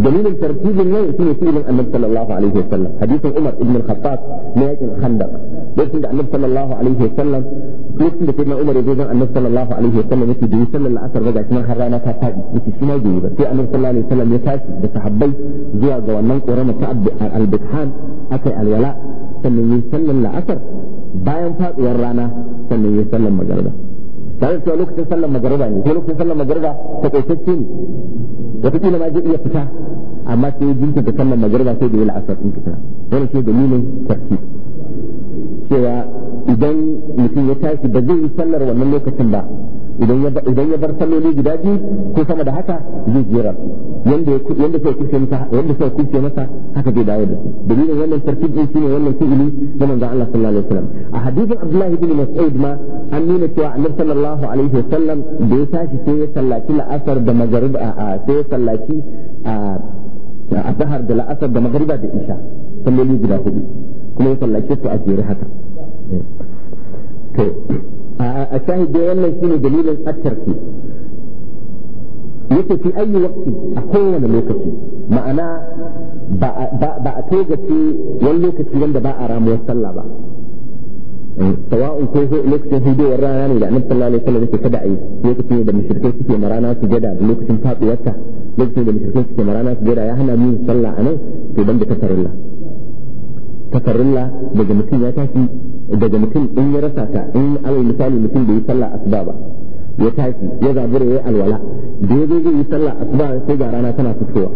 dalilin tartibin nan shine fi'ilin annabi sallallahu alaihi wasallam hadisin Umar ibn al-Khattab na yakin Khandaq lokacin da annabi sallallahu alaihi wasallam lokacin da sayyidina Umar ya zo annabi sallallahu alaihi wasallam yake da sallar asar ba gashi nan har rana ta fadi yake shi ma bai ba sai annabi sallallahu alaihi wasallam ya tashi da sahabbai zuwa ga wannan ƙorama ta al-Bithan akai alwala sannan yin sallar la'asar bayan faduwar rana sannan yin sallar magariba tare da cewa lokacin sallar magariba ne sai lokacin sallar magariba takaitacce ne wataƙila ma zai iya fita amma sai ya jinkirta sallar magariba sai da yi la'asar in fita wani shi dalilin tafsir cewa idan mutum ya tashi ba zai yi sallar wannan lokacin ba idan ya bar salloli guda biyu ko sama da haka zai jera yanda yanda sai kuce masa yanda sai kuce masa haka zai dawo da su dalilin wannan tartib din shine wannan fi'ili na manzon Allah sallallahu alaihi wasallam a hadisin Abdullah ibn Mas'ud ma an nuna cewa Annabi sallallahu alaihi wasallam da ya tashi sai ya sallaci la'asar da a sai ya sallaci a zahar da la'asar da magariba da isha salloli guda hudu kuma ya sallake su a jere haka eh. to a shahid da wannan shine dalilin at-tartib yake fi ayi waqti a kowane lokaci ma'ana ba a togace wani lokaci wanda ba a ramuwar sallah ba eh, sawa'un ko lokacin hudowar rana ne da annabi sallallahu alaihi wasallam yake kada ayi lokacin da mushrikai suke marana su jada da lokacin faduwarta lokacin da mushrikai suke marana su jada ya hana mu sallah anan to dan da tafarilla tafarilla daga mutum ya tashi daga mutum in ya rasa ta in alai misali mutum da yi sallah asuba ba ya tashi ya zabura ya alwala da ya zai yi sallah asuba sai ga rana tana fitowa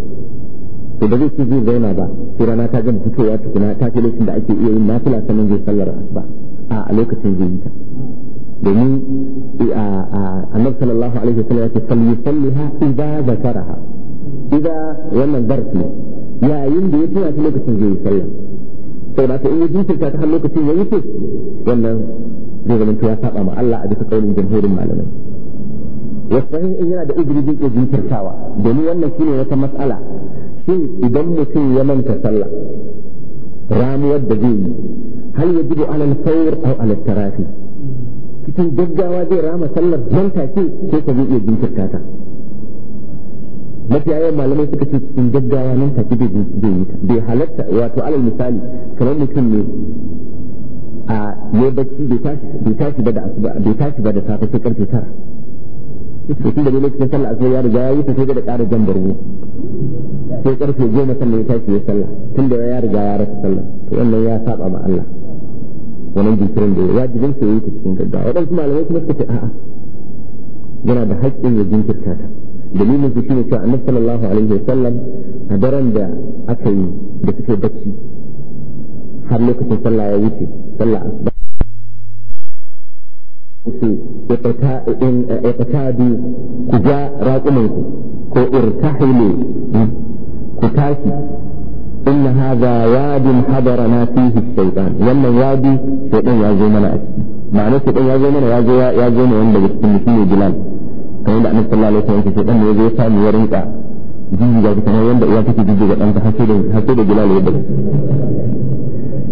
to da zai ci zai zauna ba sai rana ta gama fitowa tukuna ta ce lokacin da ake iya yin nafila sannan zai sallar asuba a lokacin zai yi ta domin a annabi sallallahu alaihi wa sallam ya ce salli salliha idza zakaraha idza wannan darsi yayin da ya tuna lokacin zai yi sallah saboda haka ta ya jinkirta ta har lokacin ya wuce wannan zai zama ya saba ma Allah a bisa kaunin jamhurin malamai wasu in yana da uzuri zai iya jinkirtawa domin wannan shine wata matsala shin idan mutum ya manta sallah ramuwar da zai yi hal yajibu alal fawr au alal tarafi cikin gaggawa zai rama sallar don take sai ka zai iya jinkirta ta mafiya yawan malamai suka ce cikin gaggawa nan tafi bai halatta wato alal misali kamar mutum ne a ya bacci bai tashi ba da asuba bai tashi ba da safe sai karfe tara mutum da ne cikin sallah asuba ya riga ya yi sai da ƙara jan bargo sai karfe goma sannan ya tashi ya sallah tun da ya riga ya rasa sallah to wannan ya saba ma Allah wannan jinkirin da wajibin sa yayi ta cikin gaggawa waɗansu malamai kuma suka ce a'a yana da haƙƙin ya jinkirta ta dalilin su shine cewa annabi sallallahu alaihi wasallam a daren da aka yi da suke bacci har lokacin sallah ya wuce sallah asuba su bi ku ja ku ko irtahilu ku tashi inna hadha wadin hadarana fihi shaytan wannan wadi shaytan ya zo mana a ciki ma'ana shaytan ya zo mana ya zo ya zo ne wanda cikin mutum ne bilal kamar da annabi sallallahu alaihi wasallam yake dan ne zai samu ya rinka jiji ga kamar yanda uwa take jiji ga ɗanta hakke da hakke da bilal yadda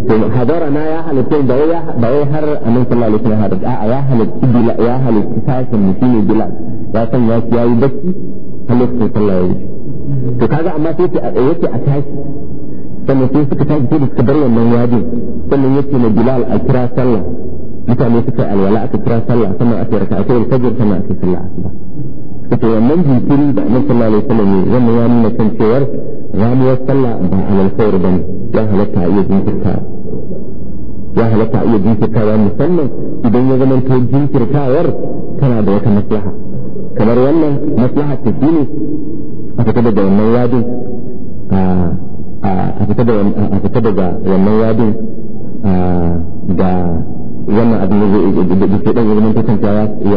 to hadara na ya halitta da ya da ya har annabi sallallahu alaihi wasallam a ya halitta bilal ya halitta sakin mutune bilal ya san ya yayi bacci halitta sallallahu alaihi to kaga amma sai yake a tashi sannan sai suka tashi sai da suka bar wannan wadin sannan yake na bilal a kira sallah mutane suka alwala aka kira sallah sannan aka yi raka'a sai fajr sannan aka sallah suka wannan jinkiri da annabi sallallahu alaihi wasallam ne wannan ya nuna kan cewar ramuwar sallah ba alal khair bane ya halatta a iya jinkirta ya halatta a iya jinkirtawa musamman idan ya zama to jinkirtawar tana da wata maslaha kamar wannan maslaha ta shi ne a fita daga wannan yadin a fita daga wannan yadin da wannan abin da zai da ke dan ya zama to kanta ya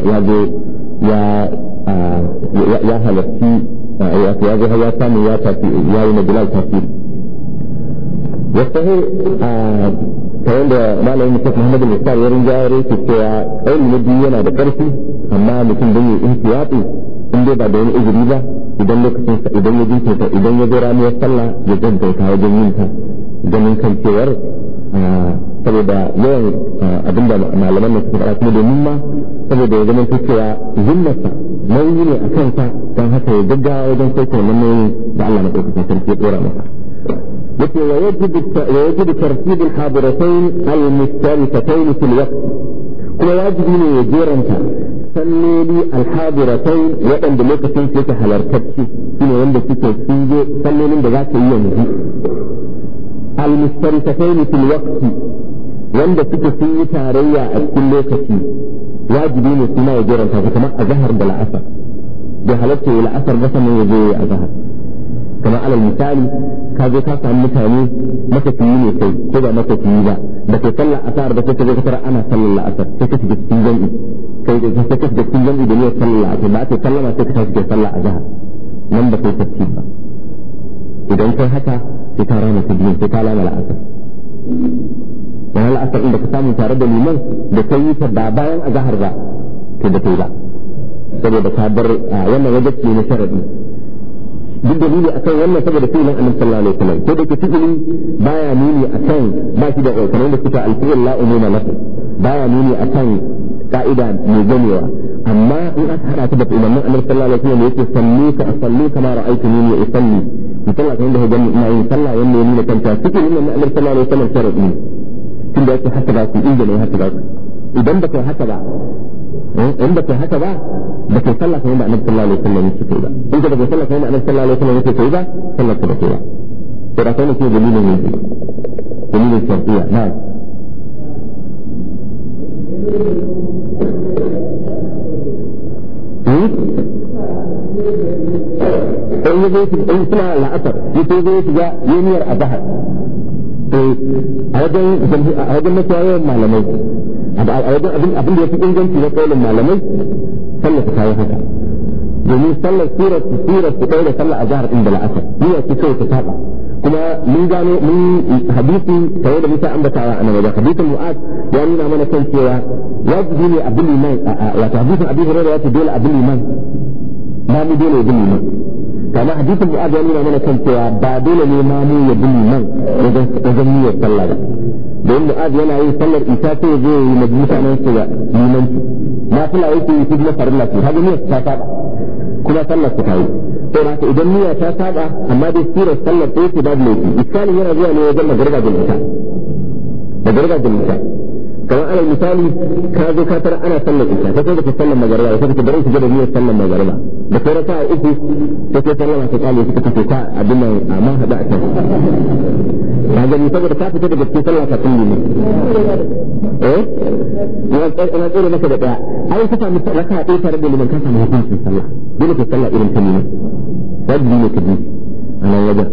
ya ya halarci ya zo ya samu ya tafi ya yi na bilal tafi wasu ah, kayan da malamin mutum muhammad al yarin ya rinjayar yake cewa ƙaunin na biyu yana da ƙarfi amma mutum don yi intiyaɗi in dai ba da wani izini ba idan lokacin sa idan ya jinkirta idan ya zo ramuwar sallah ya gaggauta wajen yin ta ganin kan cewar ah, saboda yawan ah, abinda malaman na suka faɗa kuma domin ma saboda ya zama cewa zimmarsa nauyi ne a kansa don haka ya gaggawa wajen sauke wannan nauyi da Allah madaukakin sarki ya dora masa yake wa yajibu wa yajibu tartib al-hadiratayn al-mustarifatayn fi al-waqt kuma wajibi ne ya jeranta salloli al-hadiratayn waɗanda lokacin su yake halartacce ne wanda suke sun je sallolin da za ka yi yanzu al-mustarifatayn ta al-waqt wanda suke sun yi tarayya a cikin lokaci wajibi ne suma ya jeranta ta kamar a zahar da la'asar da halatta ya la'asar ba sannan ya zo ya a zahar kamar alal misali ka zo ka samu mutane matafiyi ne kai ko ba matafiyi ba da kai sallar asar da kai ka zo ka tara ana sallar la'asar sai ka shiga cikin jam'i kai da sai ka shiga cikin jam'i da niyyar sallar la'asar ba ake sallama sai ka tashi kai sallar azhar nan ba kai tafsir ba idan kai haka sai ka rana ka biyu sai ka lama la'asar wani la'asar inda ka samu tare da liman da ka yi ta ba bayan a zahar ba to da kai ba saboda ka bar wannan wajen na sharadi duk da dalili akan wannan saboda fi'ilin annabi sallallahu alaihi wasallam ko da ke fi'ili baya nuni akan ba shi da kamar da suka alfiyar la umuma lahu baya nuni akan ka'ida mai gamewa amma in aka hada ta da umarnin annabi sallallahu alaihi wasallam yake sallu ka sallu kama ra'aytuni ni usalli misalla kan da hajjan ina yin sallah yanda ne nuna kanta fi'ilin annabi sallallahu alaihi wasallam sharadi tunda yake haka ba ku inda ne haka ba ku idan ba kai haka ba in ba kai haka ba ba kai sallah kamar da annabi sallallahu alaihi wasallam yake ba in ka ba kai sallah kamar da annabi sallallahu alaihi wasallam yake ba sallah ka ba kai ba to da kai ne ke dalilin ne dalilin shar'iyya na in yi zai in suna la'asar yi zai shiga yiniyar a zahar Eh, a wajen mafiyayen malamai a wajen abin da ya fi inganci na kaulin malamai sallar ta kawo haka domin sallar surar su surar su ɗaya da sallar a jihar inda la'asar niyya ce kawai ta taɓa kuma mun gano mun hadisi tare da musa ambatawa a nan wajen hadisin mu'ad ya nuna mana kan cewa wajibi ne abin liman wato hadisin abin hurairah ya ce dole abin liman ma mu dole abin liman kama hadisin mu'ad ya nuna mana kan cewa ba dole ne ma mu ya bi nan wajen niyyar sallah ba don mu'ad yana yin sallar isa ta ya zo ya yi majalisa nan su ya limanci na fila yake yi su na farin su haka niyyar ta saba kuma sallar su ta yi sai da haka idan niyyar ta saba amma dai sirar sallar ta yake babu laifi iskalin yana zuwa ne wajen magarba da nisa magarba da nisa كما أنا المثال كذا كاتر أنا سلم إنسان فكيف تسلم مجرد فكيف تبرئ في جبل مير سلم مجرد بكرة كا إيش فكيف تسلم على سؤالي فكيف تفكر أبدا ما هذا أكثر هذا المثال كاتر فكيف تسلم على سؤالي إيه أنا أنا أقول لك هذا أي فكرة مثال كاتر أي فكرة اللي من كاتر مهتم في السلام بلا تسلم إلى المثال وجب لك دي أنا وجب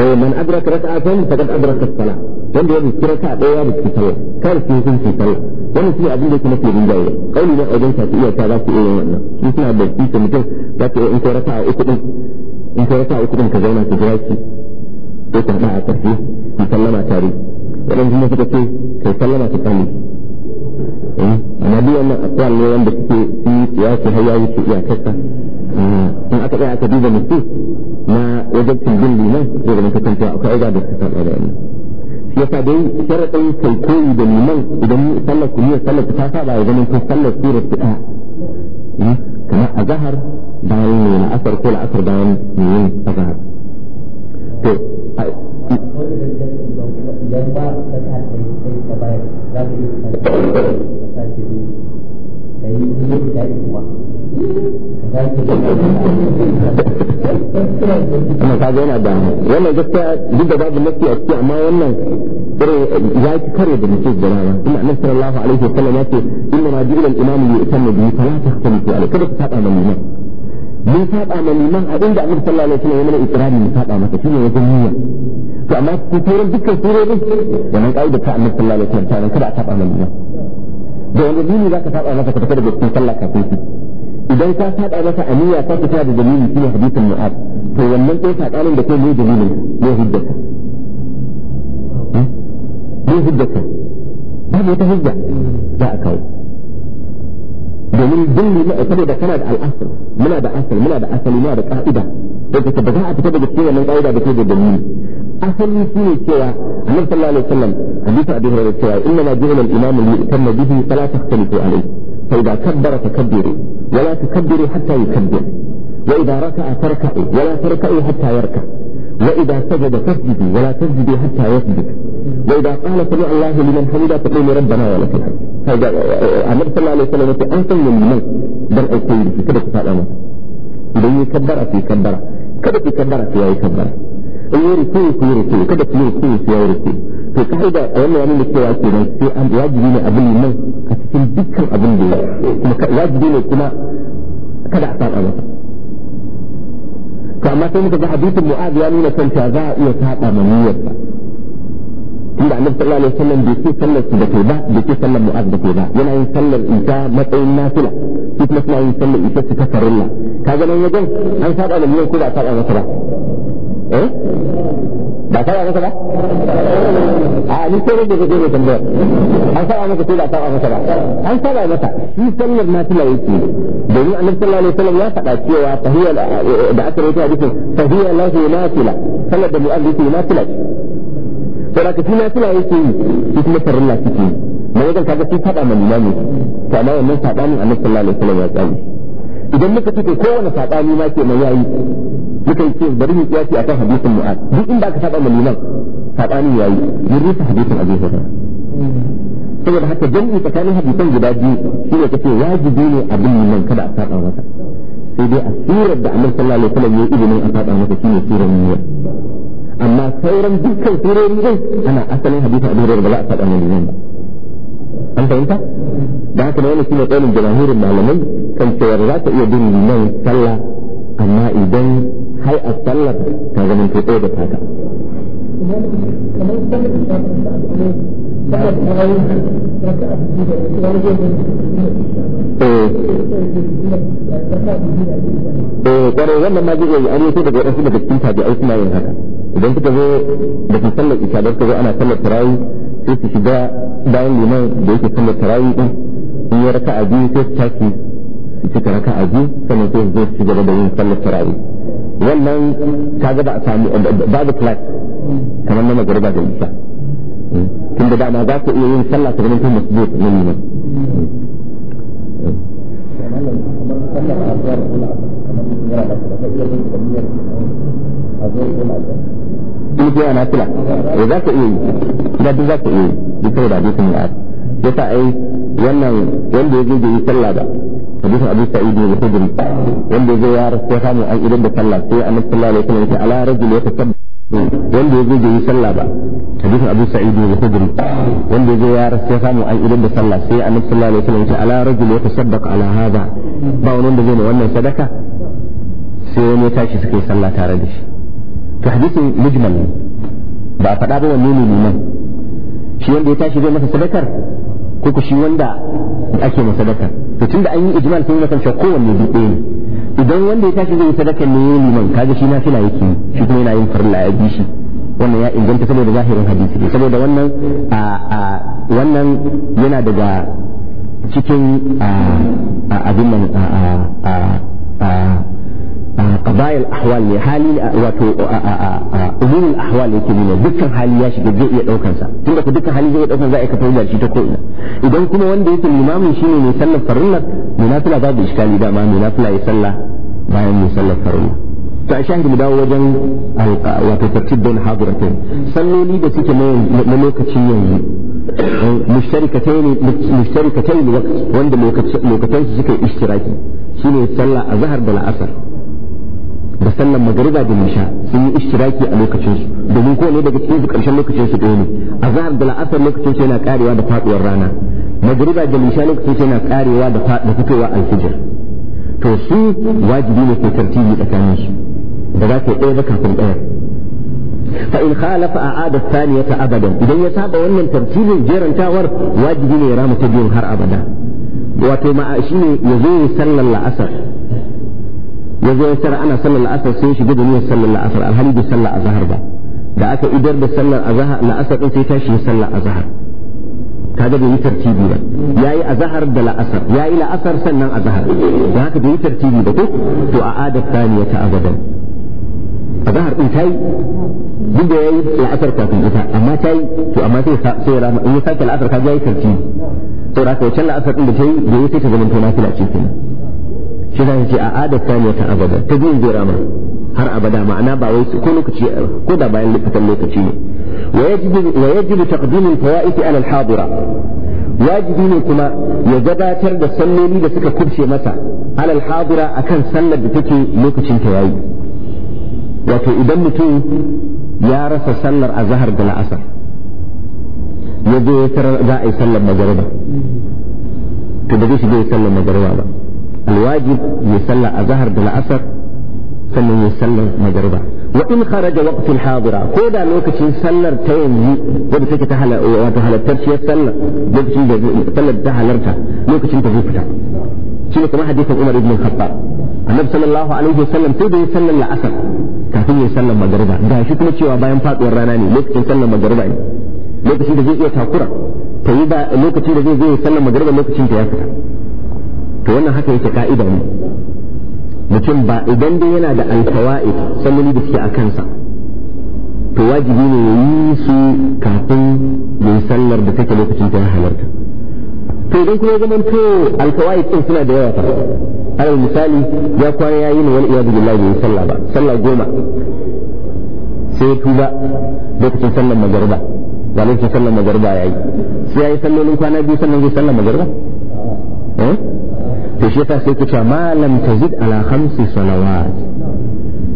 أي إيه، من أدرك ركعة فقد أدرك السلام wanda ya riski raka ɗaya ya riski sallah ka riski hukunci sallah wannan shi abin da yake mafi rinjaye kauli na wajen shafi iya ta za su iya wannan su suna da shi mutum za su iya in kai a uku ɗin in kai a uku ɗin ka zauna ka jira shi ko ka a ƙarshe ka sallama tare waɗansu ne suka ce kai sallama ka kame eh, amma duk wannan akwai ne wanda suke yi ya har ya wuce iyakarsa eh, in aka tsaya aka duba mutum na wajen cin bin liman zai zama kasancewa akwai aiga da suka da wannan yasa dai sharaɗin kai koyi da liman idan sallar ne sallar ta saba ya zama sallar surar ta hmm? kuma a zahar bayan ne na asar ko la'asar bayan ne yin a zahar to a amma ka ga yana da wannan gaskiya duk da babu nasi a ciki amma wannan ya ci kare da nake da rana ina annabi sallallahu alaihi wasallam ya ce inna ma ji'ila al-imamu yu'tamma bihi fala tahtamu alaihi kada ku saba da liman mun saba ma liman a inda annabi sallallahu alaihi wasallam ya mana ikrari mu saba masa shine wajen niyya to amma ku sauran dukkan surorin wannan kaida ta annabi sallallahu alaihi wasallam ta kada a saba ma liman da wanda dini zaka saba masa ka tafi da cikin sallah kafin idan ka saba masa aniya ka fita da dalili shine hadisin mu'ad to wannan ko sakanin da kai ne dalilin ne hujjata ne hujjata babu wata hujja za a kawo domin dalili na saboda kana da al'asar muna da asal muna da asali muna da ka'ida da ka ba za a fita daga cikin wannan ka'ida da kai da dalili asali shine cewa annabi sallallahu alaihi wasallam hadisi abi hurairah cewa inna ma ju'ila al-imam bihi fala takhtalifu alayhi fa idza kabbara fakabbiru ولا تكبروا حتى يكبر وإذا ركع فاركعوا ولا تركعوا حتى يركع وإذا سجد فاسجدوا ولا تسجدوا حتى يسجد وإذا قال سمع الله لمن حمده فقولوا ربنا ولك الحمد هذا أمر صلى الله عليه وسلم أنت لمن درع السيد في كذا تفعل أمر إذا يكبر في كبر كذا في كبر في يكبر إن يرسل في يرسل كذا في يرسل في يرسل to ka'ida a wannan yana cewa ke nan sai an wajibi ne abin nan a cikin dukkan abin da ya kuma wajibi ne kuma kada a saba masa to amma sai muka ga hadisin mu'az ya nuna kanta za a iya saba ma niyyarsa tunda annabi sallallahu alaihi wasallam bai ce sallar su da ke ba bai ce sallar mu'az da ke ba yana yin sallar isa matsayin nafila shi kuma suna yin sallar isa su ta farilla kaga nan wajen an saba da niyyar ko ba a saba masa ba eh ba saba masa ba a ni ko da kake da an saa masa ko ba saba masa ba an saba masa shi sallar nafila yake domin annabi sallallahu alaihi wasallam ya faɗa cewa tahiyya da aka rubuta tahiyya lahu nafila sallar da yake nafila to da kafin nafila yake yi shi kuma na wajen kaga faɗa to amma wannan saɓanin annabi sallallahu alaihi wasallam ya tsani idan muka ce kowane saɓani ma ke mai yayi suka yi bari mu kiyasi akan hadisin mu'ad duk inda aka saba maliman sabani yayi mun rufe hadisin abu hurairah saboda haka jami'i tsakanin hadisan guda biyu shine kace wajibi ne a bin liman kada a saba masa sai dai a surar da annabi sallallahu alaihi wasallam ya izinin a saba masa shine surar niyya amma sauran dukkan surori din ana asalin hadisin abu hurairah ba za a saba maliman ba an fahimta da haka ne wani shine kaulin jama'urin malamai kan cewa za ta iya bin liman sallah Allah ta zama ta tsaye da taka eh. eh kwarai wannan ma zai yi an yi daga wasu daga cikin tabi'ai da yin haka idan suka zo da su sallar isha da suka zo ana sallar tarawih sai su shiga bayan liman da yake sallar tarawih din in da raka a biyu sai su tashi su cika raka biyu sannan sai su zo su gaba da yin sallar tarawih wannan kaga ba a samu babu class kamar na magariba da isa da dama za ku iya yin sallah ta ganin masjid nan ne Ibu ana kula, ya eh, za ka iya yi, da za ka iya yi, duk da duk ne a. Yasa ai wannan wanda ya je bai yi sallah ba hadisin abu sa'id ne hudri wanda ya zo ya rasu ya samu an idan da sallah sai annabi sallallahu alaihi wasallam ya ce ala rajul yatasabbu wanda ya zo bai yi sallah ba hadisin abu sa'id ne hudri wanda ya zo ya rasu ya samu an idan da sallah sai annabi sallallahu alaihi wasallam ya ce ala rajul yatasaddaq ala hada ba wani wanda zai ne wannan sadaka sai wani ya tashi suka yi sallah tare da shi to hadisin mujmal ne ba faɗa ba wanne ne liman shi wanda ya tashi zai masa sadakar ko ku shi wanda ake masa sadaka to tunda an yi ijmal sai mutum cewa kowanne bi ɗaya ne idan wanda ya tashi zai yi sadaka ne ya liman kaga shi na nafila yake shi kuma yana yin farla ya bi shi wannan ya inganta saboda zahirin hadisi ne saboda wannan a wannan yana daga cikin abin nan qadayil ahwal ne hali wato umumul ahwal yake nuna a hali ya shiga zai iya daukan sa tunda dukkan hali zai iya daukan za a ka tauja shi ta ko idan kuma wanda yake limamin shine mai sallar farillar munafila babu iskali dama munafila ya sallah bayan mai sallar farillar to a shahidu dawo wajen wato tartib don hadiratin salloli da suke na lokacin yanzu mushtarikatain wanda lokacin su suka yi shine sallah azhar da la'asar da sallar magariba da nisha sun yi ishtiraki a lokacin su domin ko ne daga cikin su karshen lokacin su ɗaya ne azhar da la'asar lokacin su yana karewa da faduwar rana magariba da nisha lokacin su yana karewa da da fitowa alfijir to su wajibi ne ke tartibi tsakanin su da za ka ɗaya ba kafin ɗaya fa in khalafa a'ada thaniyata abadan idan ya saba wannan tartibin jerantawar wajibi ne ya rama ta biyun har abada wato ma'a shine ya zo sallar la'asar ya zo ya tara ana sallar la'asar sai ya shiga da niyyar sallar la'asar alhamdu bai sallar azhar ba da aka idar da sallar azhar la'asar din sai tashi ya sallar azhar kaga bai yi tartibi ba yayi azhar da la'asar yayi la'asar sannan azhar da haka bai yi tartibi ba ko to a adab thaniya ta abadan azhar din tayi duk da yayi la'asar kafin ita amma tayi to amma sai sai ya rama in ya sake la'asar kaga yayi tartibi to da haka wancan la'asar din da tayi da yayi sai ta zama to nafila ce kenan shi za ce a adat ta ne ta abada ta biyu zai ma har abada ma'ana ba wai ko lokaci ko da bayan fitan lokaci ne wa yajibu wa yajibu taqdim al ala al-hadira wajibi ne kuma ya gabatar da salloli da suka kurce masa ala al-hadira akan sallar da take lokacin ta yayi wato idan mutum ya rasa sallar azhar da la'asar ya zo ya tarar za a yi sallar magariba to da zai shiga sallar magariba ba alwajib ya salla azhar da la'asar sannan ya sallar magariba wa in kharaja waqtul hadira ko da lokacin sallar ta yanzu wanda take ta wato halartarciyar sallar lokacin da sallar ta halarta lokacin ta zai fita shine kuma hadisin Umar ibn Khattab annabi sallallahu alaihi wasallam sai da ya sallar la'asar kafin ya sallar magariba ga shi kuma cewa bayan faduwar rana ne lokacin sallar magariba ne lokacin da zai iya takura ta yi lokacin da zai sallar magariba lokacin ta ya fita to wannan haka yake ka'ida ne mutum ba idan dai yana da alfawa'id salloli da suke a kansa to wajibi ne ya yi su kafin yin sallar da take lokacin ta halarta to idan kuma ya zama to alfawa'id din suna da yawa alal misali ya kwana ya yi ne wani iyadu billahi bai sallah ba sallah goma sai ya tuba lokacin sallar magariba ga lokacin sallar magariba ya yi sai ya yi sallolin kwana biyu sannan zai sallar magariba eh to shi ta sai kuce malam tazid ala khamsi salawat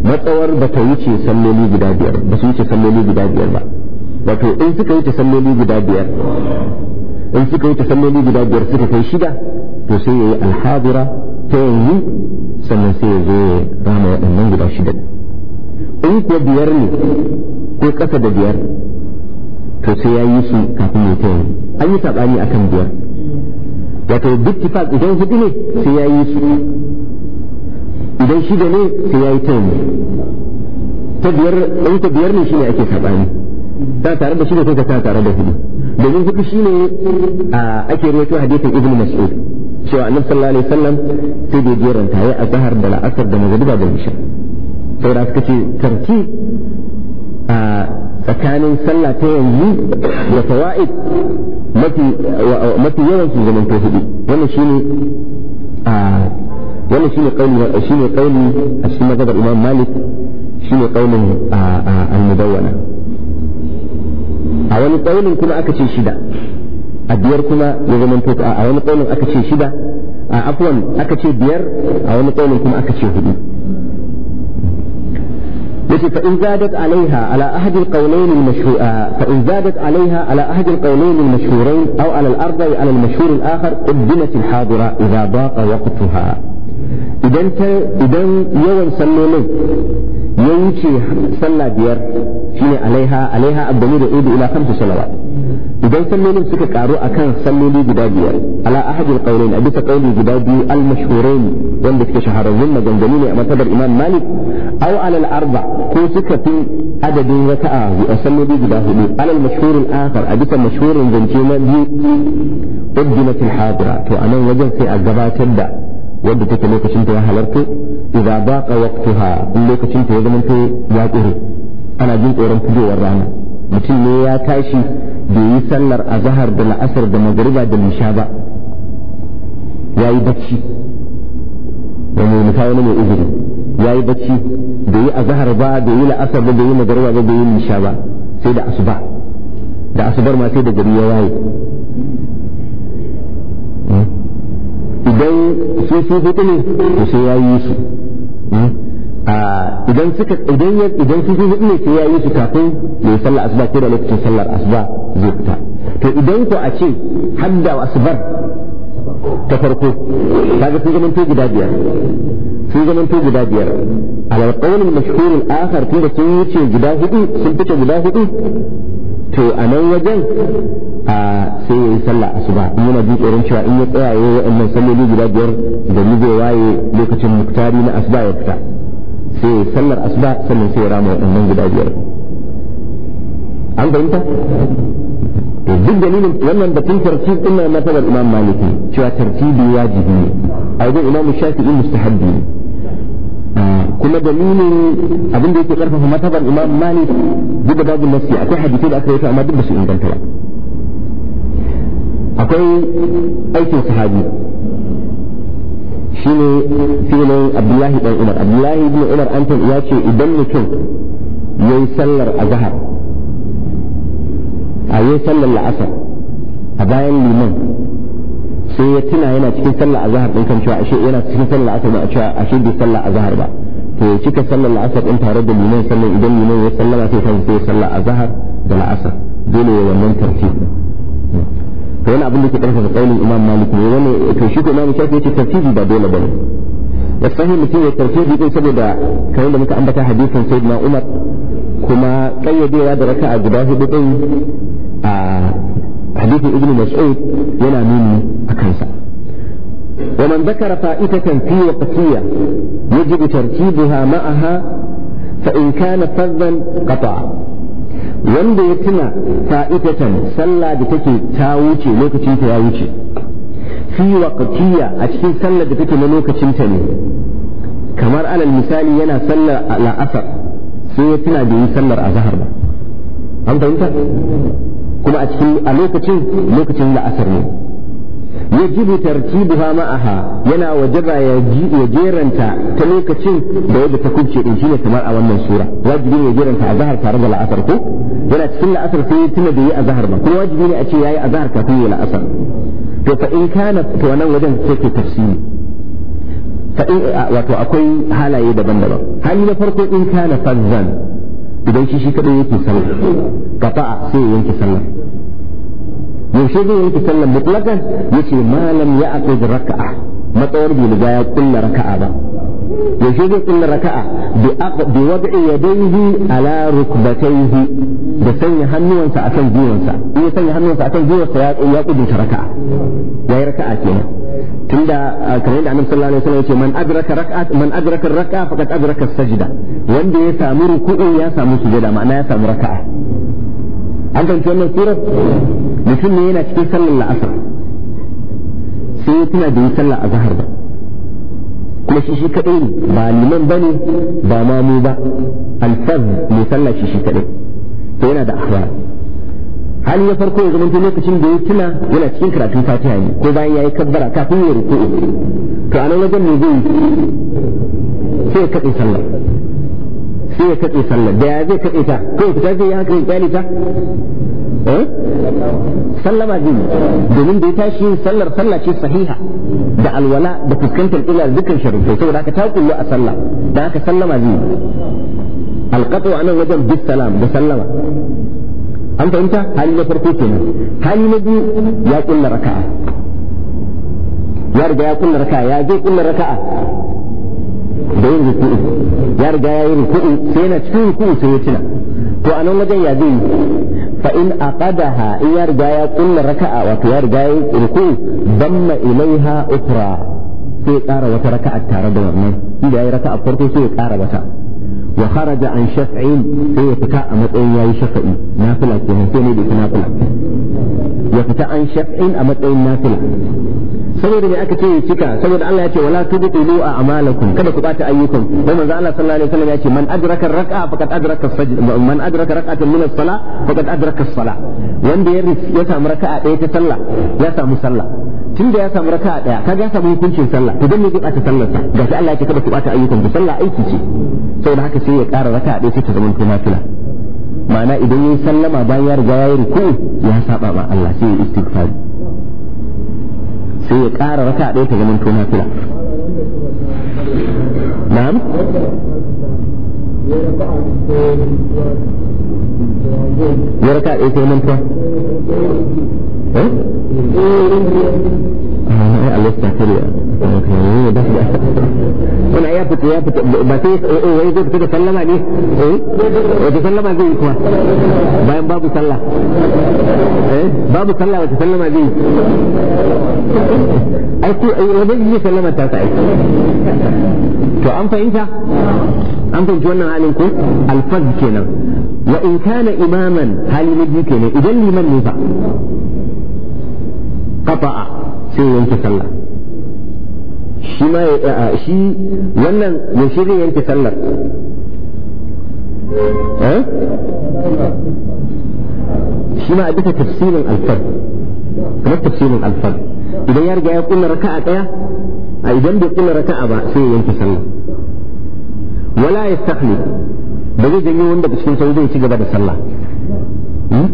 matsawar ba ta wuce salloli guda biyar ba su wuce salloli guda biyar ba wato in suka wuce salloli guda biyar in suka wuce salloli guda biyar suka kai shida to sai yayi alhadira ta yanzu sannan sai ya zo ya rama waɗannan guda shida in kuwa biyar ne ko ƙasa da biyar to sai ya yi su kafin ya ta yanzu an yi saɓani akan biyar wato duk tifaq idan hudu ne sai ya yi su idan shida ne sai ya yi ta ta biyar in ta biyar ne shi ne ake saɓani ta tare da shida sai ka ta tare da hudu domin hudu shi ne ake rawaito hadithin ibnu mas'ud cewa annabi sallallahu alaihi wasallam sai da jeran ta yi zahar da la'asar da magriba da isha saboda suka ce tartib tsakanin sallah ta yanzu da fawaid mafi yawan su zaman ta hudu wannan shine a wannan shine kauli shine kauli a cikin mazhabar Imam Malik shine kaulin al-mudawwana a wani kaulin kuma aka ce shida a biyar kuma ya zama a wani kaulin aka ce shida a afwan aka ce biyar a wani kaulin kuma aka ce hudu يتي فإن زادت عليها على أحد القولين المشهور فإن زادت عليها على أحد القولين المشهورين أو على الأرض أو على المشهور الآخر قدمت الحاضرة إذا ضاق وقتها إذا إذا يوم صلوا يوشي صلى بير فيما عليها عليها الضمير يعود إلى خمس صلوات idan sallolin suka karu akan salloli guda biyar ala ahadul qawlain a bisa qawli guda biyu al mashhurain wanda suke shahararrun maganganu ne a matabar imam malik aw ala al arba ko suka fi adadin raka'a a salloli guda hudu ala al mashhur al akhar a bisa mashhurin zance na biyu qaddimat al hadira to anan wajen sai a gabatar da wadda take lokacin ta ya halarta idza baqa waqtaha lokacin ta ya zamanto ya tsire ana jin tsoron fitowar rana mutum ne ya tashi bai yi sallar azahar da la'asar da magariba da nisha ba ya yi bacci da mai nufa wani mai uzuri ya yi bacci bai yi azahar ba bai yi la'asar ba da yi magariba ba da yi nisha ba sai da asuba da asubar ma sai da gari ya waye hmm? idan sun sun hudu ne to sai ya yi su hmm? idan suka idan ya idan su su ne sai yayi su kafin mai sallar asuba ko da lokacin sallar asuba zai fita to idan ko a ce hadda asubar ta farko kaga sun zama to guda biyar sun zama to guda biyar ala qawl mashhur al akhar tunda sun wuce guda hudu sun fita guda hudu to a nan wajen a sai ya yi sallah asuba in yana jin tsoron cewa in ya tsaya ya sallar wa'annan salloli guda biyar da waye lokacin muktari na asuba ya fita sai sallar asuba sannan sai ya rama waɗannan guda biyar an fahimta to duk dalilin wannan batun tartib din na tabar imam maliki cewa tartibi wajibi ne a wajen imam shafi'i mustahabbi ne ah, kuma dalilin abin da yake karfafa matabar imam malik duk da babu nasi akwai hadisi da aka yi amma duk ba su inganta ba akwai aikin sahabi shine filin abdullahi dan umar abdullahi ibn umar antan ya ce idan mutum ya yi sallar azhar a yi sallar la'asar a bayan liman sai ya tuna yana cikin sallar azhar din kan cewa ashe yana cikin sallar la'asar ba a cewa ashe bai sallar azhar ba to ya cika sallar la'asar din tare da liman sallar idan liman ya sallama sai kan sai sallar azhar da la'asar dole ya wannan tartib to wani abin da ke karfafa kaulin imam malik ne wani to shi ko imam shafi yace tartibi ba dole bane ya sahi mutum ya tartibi din saboda kamar da muka ambata hadisin sayyidina umar kuma kayyadewa da raka'a guda hudu din a hadisin ibn mas'ud yana nuni a kansa ومن ذكر فائتة في وقتية يجب ترتيبها معها فإن كان fadlan قطع wanda ya tuna fa'idatan sallah da take ta wuce lokacin ta ya wuce fi waqtiya a cikin sallar da take na lokacin ta ne kamar alal misali yana sallar la'asar sai ya tuna da yi sallar azhar ba an fahimta kuma a cikin a lokacin lokacin la'asar ne yajibitar tartibuha ma'aha yana wajaba ya jeranta ta lokacin da yadda ta kubce in shine kamar a wannan sura wajibi ne ya jeranta tare da la'asar ko yana cikin la'asar sai ya tuna da yi azhar ba kuma wajibi ne a ce yayi azhar kafin ya la'asar to in kana to nan wajen take tafsiri fa in wato akwai halaye daban-daban hali na farko in kana idan shi shi kafa'a sai ya yanke sallar. yaushe zai yanke sallar mutlakan yace malam ya da raka'a matsawar bai riga ya kulla raka'a ba yaushe zai kulla raka'a bi wad'i yadayhi ala rukbatayhi da sanya hannuwansa akan jiwansa in ya sanya hannuwansa akan gwiwansa ya ya kudinta raka'a yi raka'a kenan tunda kamar yadda annabi sallallahu alaihi wasallam yace man adraka raka man adraka raka'a faqad adraka sajda wanda ya samu ruku'u ya samu sujada ma'ana ya samu raka'a an fahimci wannan surar mutum ne yana cikin sallar la'asar sai ya tuna da yi sallar azhar ba kuma shi shi kadai ne ba liman bane ba mamu ba alfaz mai sallar shi shi kadai to yana da ahwal hali ya farko ya zama lokacin da ya tuna yana cikin karatun fatiha ne ko bayan ya yi kabbara kafin ya ruku'u to a nan wajen ne zai sai ya kaɗe sallah sai ya katse sallar da ya zai katse ta kai fita zai yi haka ya kyale ta eh? sallama din domin da ya tashi sallar sallah ce sahiha da alwala da fuskantar ila dukkan sharuɗai saboda haka ta kullu a sallah da haka sallama din alqatu anan wajen bis salam da sallama an fahimta hali na farko kenan hali na biyu ya kulla raka'a ya riga ya kulla raka'a ya je kulla raka'a da yin ruku'u ya riga ya yi ruku'u sai yana cikin ruku'u sai ya tuna to a nan wajen ya zai yi fa in aqadaha in ya riga ya kulla raka'a wato ya riga ya yi ruku'u damma ilaiha ukhra sai ya kara wata raka'a tare da wannan inda ya yi raka'a farko sai ya kara wata wa kharaja an shaf'in sai ya fita a matsayin yayi shafa'i nafila ke sai ne da nafila ya fita an shaf'in a matsayin nafila saboda me aka ce ya cika saboda Allah ya ce wala tubtilu a amalakum kada ku bata ayyukan dan manzo Allah sallallahu alaihi wasallam ya ce man adraka raka faqad adraka sajda man adraka raka'atan min as-salah faqad adraka as-salah wanda ya ya samu raka'a daya ta sallah ya samu sallah tun da ya samu raka'a daya kaga ya samu hukuncin sallah to dan ne zai bata sallar sa gashi Allah ya ce kada ku bata ayyukan ku sallah aiki ce saboda haka sai ya ƙara raka ɗaya sai ta zama to nafila ma'ana idan ya yi sallama bayan ya riga ya yi ruku ya saba ma Allah sai ya istighfar sai ya ƙara raka ɗaya ta zama to nafila na'am ya raka ɗaya ta zama to eh mana ai eh, Allah ta kare ne da shi wannan ya fita ya fita ba sai wai zai fita da sallama ne eh wata sallama zai yi kuma bayan babu sallah eh babu sallah wata sallama zai yi ai ko wani yi sallama ta sai to an fahimta an fahimci wannan halin ku alfaz kenan wa in kana imaman hali na biyu kenan idan liman ne fa qata'a sai yanke sallah shi ma ya shi wannan yaushe zai yanke sallar eh? shi ma a bisa tafsirin alfar kamar tafsirin alfar idan ya riga ya raka a daya a idan bai kulla raka'a ba sai ya yanke sallah wala ya yastakhli ba zai janyo wanda cikin sauri zai ci gaba da sallah hmm?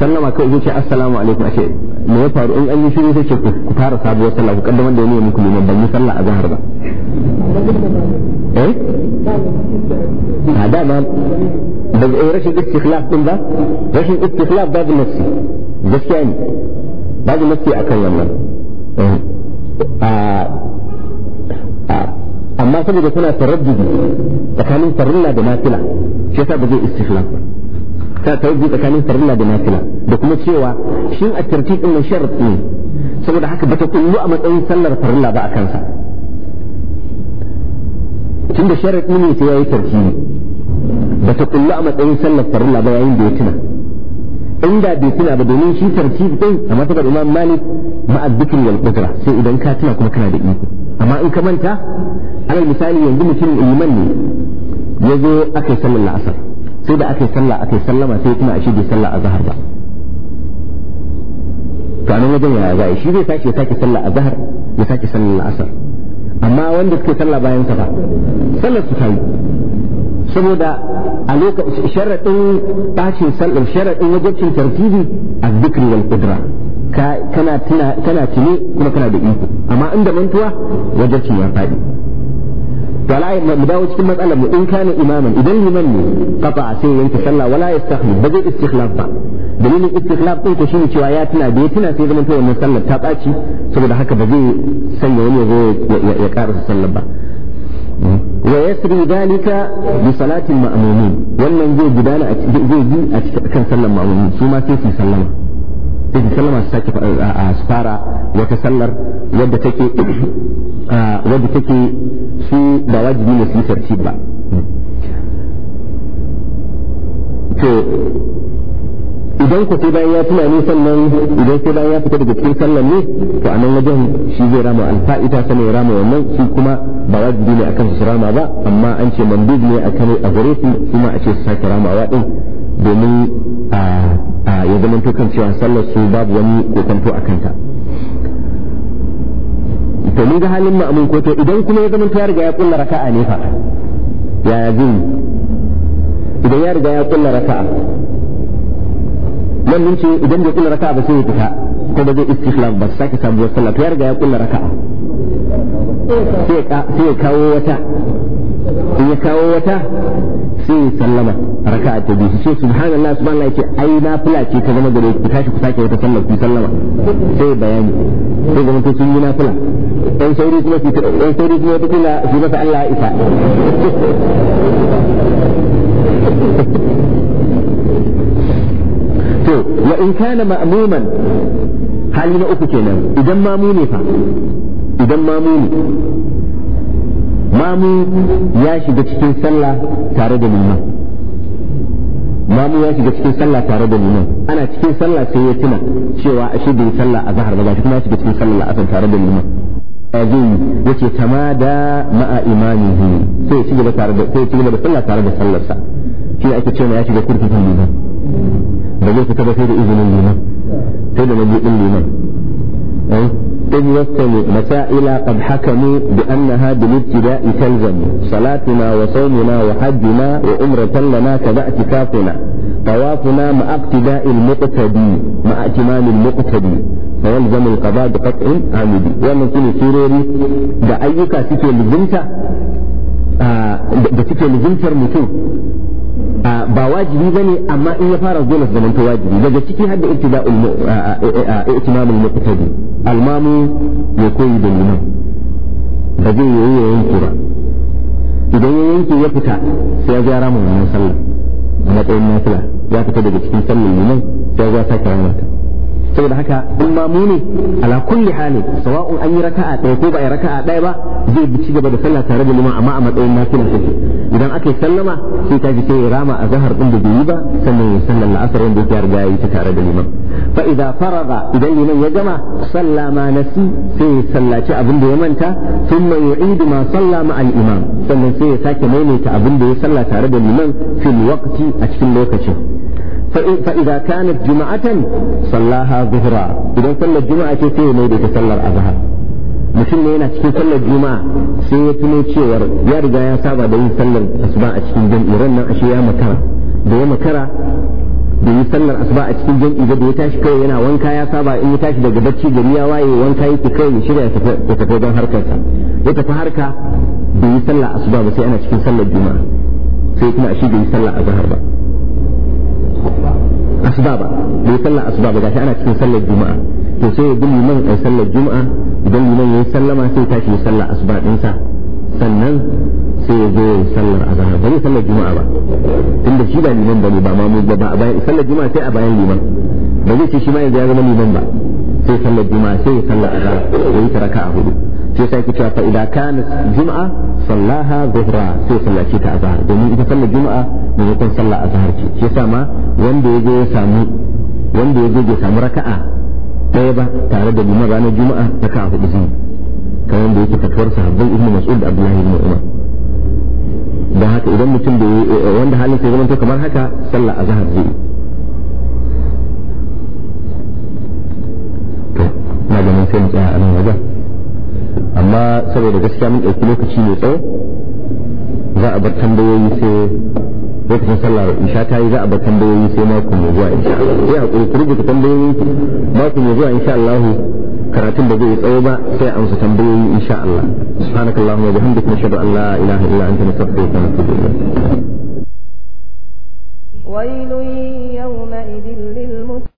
sallama kai zai ce assalamu alaikum ashe me ya faru in an yi shiru sai ce ku fara sabuwar sallah ku kaddamar da wani muku liman ban yi sallah a zahar ba eh a da ma da eh, rashin istikhlaf din ba rashin istikhlaf babu nafsi gaskiya ne babu nafsi kan wannan eh. amma saboda suna taraddudi tsakanin farilla da nafila shi yasa ba zai istikhlaf ba ta tawajji tsakanin farilla da nafila da kuma cewa shin a tartib din nan sharad ne saboda haka bata kullu a matsayin sallar farilla ba a kansa tun da sharad ne sai yayi ne bata kullu a matsayin sallar farilla ba yayin da ya tuna inda bai tuna ba domin shi tarti din a matsayin imam malik ma'az dhikri wal qudra sai idan ka tuna kuma kana da iko amma in ka manta alal misali yanzu mutum liman ne ya zo aka yi sallar la'asar sai da aka yi sallah aka yi sallama sai kuma a shi bai sallah a zahar ba to anan wajen yaya za a shi zai tashi ya sake sallah a zahar ya sake sallah asar amma wanda suke sallah bayan sa ba sallar su ta yi saboda a lokacin sharaɗin ɓacin sallar sharaɗin wajabcin tartibi a zikri wal qudra kana tuna kana tune kuma kana da iko amma inda mantuwa wajabcin ya faɗi wala mu dawo cikin matsalar mu in kana imaman idan liman ne kafa sai yanke sallah wala ya yastakhli ba zai istikhlaf ba dalilin istikhlaf din ko shine cewa ya tuna da ya tuna sai zaman to wannan sallar ta baci saboda haka ba zai sanya wani ya zo ya karasa sallar ba wa yasri dalika bi salatin ma'mumin wannan zai gudana a cikin kan sallar ma'mumin su ma sai su sallama sai su sallama su sake su fara wata sallar wadda take wadda take su ba wajibi ne su yi tartib ba to idan ku sai ya tuna ne sannan idan sai bayan ya fita daga cikin sallar ne to a nan wajen shi zai rama alfa'ita sannan ya rama wannan shi kuma ba wajibi ne akan su rama ba amma an ce mandubi ne akan a gare su kuma a ce su sake ramawa din domin ya zama kan cewa sallar su babu wani kokonto a kanta to mun ga halin ma'amun ko to idan kuma ya zama ya riga ya kulla raka'a ne fa ya zai idan ya riga ya kulla raka'a nan mun ce idan ya kulla raka'a ba sai ya fita ko ba zai istikhlal ba sake sabuwar sallah to ya riga ya kulla raka'a sai ya kawo wata in ya kawo wata sai ya sallama raka'a ta biyu sai subhanallah subhanallah yake ai na fula ce ta zama gare ku tashi ku sake wata sallar ku sallama sai bayani sai ga mutum sun yi na fula dan sauri kuma su dan sauri kuma ta kula su masa Allah isa to wa in kana ma'muman hali na uku kenan idan mamu ne fa idan mamu ne mamu ya shiga cikin sallah tare da liman mamu ya shiga cikin sallah tare da liman ana cikin sallah sai ya tuna cewa ashe bai sallah a zahar ba shi kuma ya shiga cikin sallah asar tare da liman yace tamada ma'a sai ya tare da sai ya cigaba da sallah tare da shi ake cewa ya shiga kurkukun liman ba zai fita ba sai da izinin liman sai da liman eh? إذ يستمع مسائل قد حكموا بأنها بالابتداء تلزم صلاتنا وصومنا وحجنا وأمرة لنا كذا اعتكافنا طوافنا مع اقتداء المقتدي مع اتمام المقتدي فيلزم القضاء بقطع عمدي ومن كل سوروري da ayyuka suke lizimta da suke lizimtar mutum ba wajibi ba ne amma in ya fara dole su zamanto wajibi daga ciki har da ittimamul muqtadi almamu ya koyi da liman da zai yi ya yanke ba idan ya yanke ya fita sai ya gyara mu wannan sallah a matsayin nafila ya fita daga cikin sallar liman sai ya sake wata saboda haka in ma mu ne ala kulli hali sawa'un an yi raka'a ɗaya ko ba a yi raka'a ɗaya ba zai bi ci gaba da sallah tare da liman amma a matsayin nafila take idan aka yi sallama sai ta ji sai ya rama a zahar din da bai yi ba sannan ya sallar la'asar wanda ya riga ya yi ta tare da liman fa idza faraga idan liman ya gama salla ma nasi sai ya sallaci abin da ya manta thumma yu'idu ma sallama al imam sannan sai ya sake maimaita abin da ya salla tare da liman fil waqti a cikin lokacin فإذا كانت جمعة صلاها ظهرا إذا صلى الجمعة كيف ميدي تصلى الأظهر mutum ne yana cikin sallar juma'a sai ya tuno cewar ya riga ya saba da yin sallar asuba a cikin jam'i ran nan ashe ya makara da ya makara da yi sallar asuba a cikin jam'i da ya tashi kawai yana wanka ya saba in ya tashi daga bacci gari ya waye wanka yake kawai ya shirya ya tafi don harkarsa ya tafi harka da yi sallar asuba ba sai ana cikin sallar juma'a sai kuma ashe da yi sallar azhar ba asbaba bai sallar asbaba gashi ana cikin sallar juma'a to sai ya bi liman ai sallar juma'a idan liman ya yi sallama sai tashi ya sallar asuba sa. sannan sai ya zo sallar azhar ba zai sallar juma'a ba tunda shi ba liman bane ba ma mu ba a bayan sallar juma'a sai a bayan liman ba zai ce shi ma yanzu ya zama liman ba sai sallar juma'a sai ya sallar azhar ya yi raka'a hudu sai sai ki fa idan kana juma'a sallaha zuhra sai sallaci ta azhar domin ita sallar juma'a ne yakon sallar azhar ce sai sama wanda yaje ya samu wanda yaje ya samu raka'a ɗaya ba tare da liman ranar juma'a ka hudu zai kamar da yake fatuwar sahabbai ibnu mas'ud da abdullahi ibn umar don haka idan mutum da eh, wanda halin sai zama to kamar haka sallar azhar zai to na ganin sai mu tsaya a nan wajen amma saboda gaskiya mun ɗauki lokaci mai tsawo za a bar tambayoyi sai lokacin sallar isha ta yi za a bar tambayoyi sai makon mai zuwa insha Allah sai a kurkuru rubuta tambayoyi makon mai zuwa insha Allah karatun da zai tsawo ba sai an su tambayoyi insha Allah subhanakallahumma wa bihamdika nashhadu an la ilaha illa anta nastaghfiruka wa natubu ilayk ويل يومئذ للمسلمين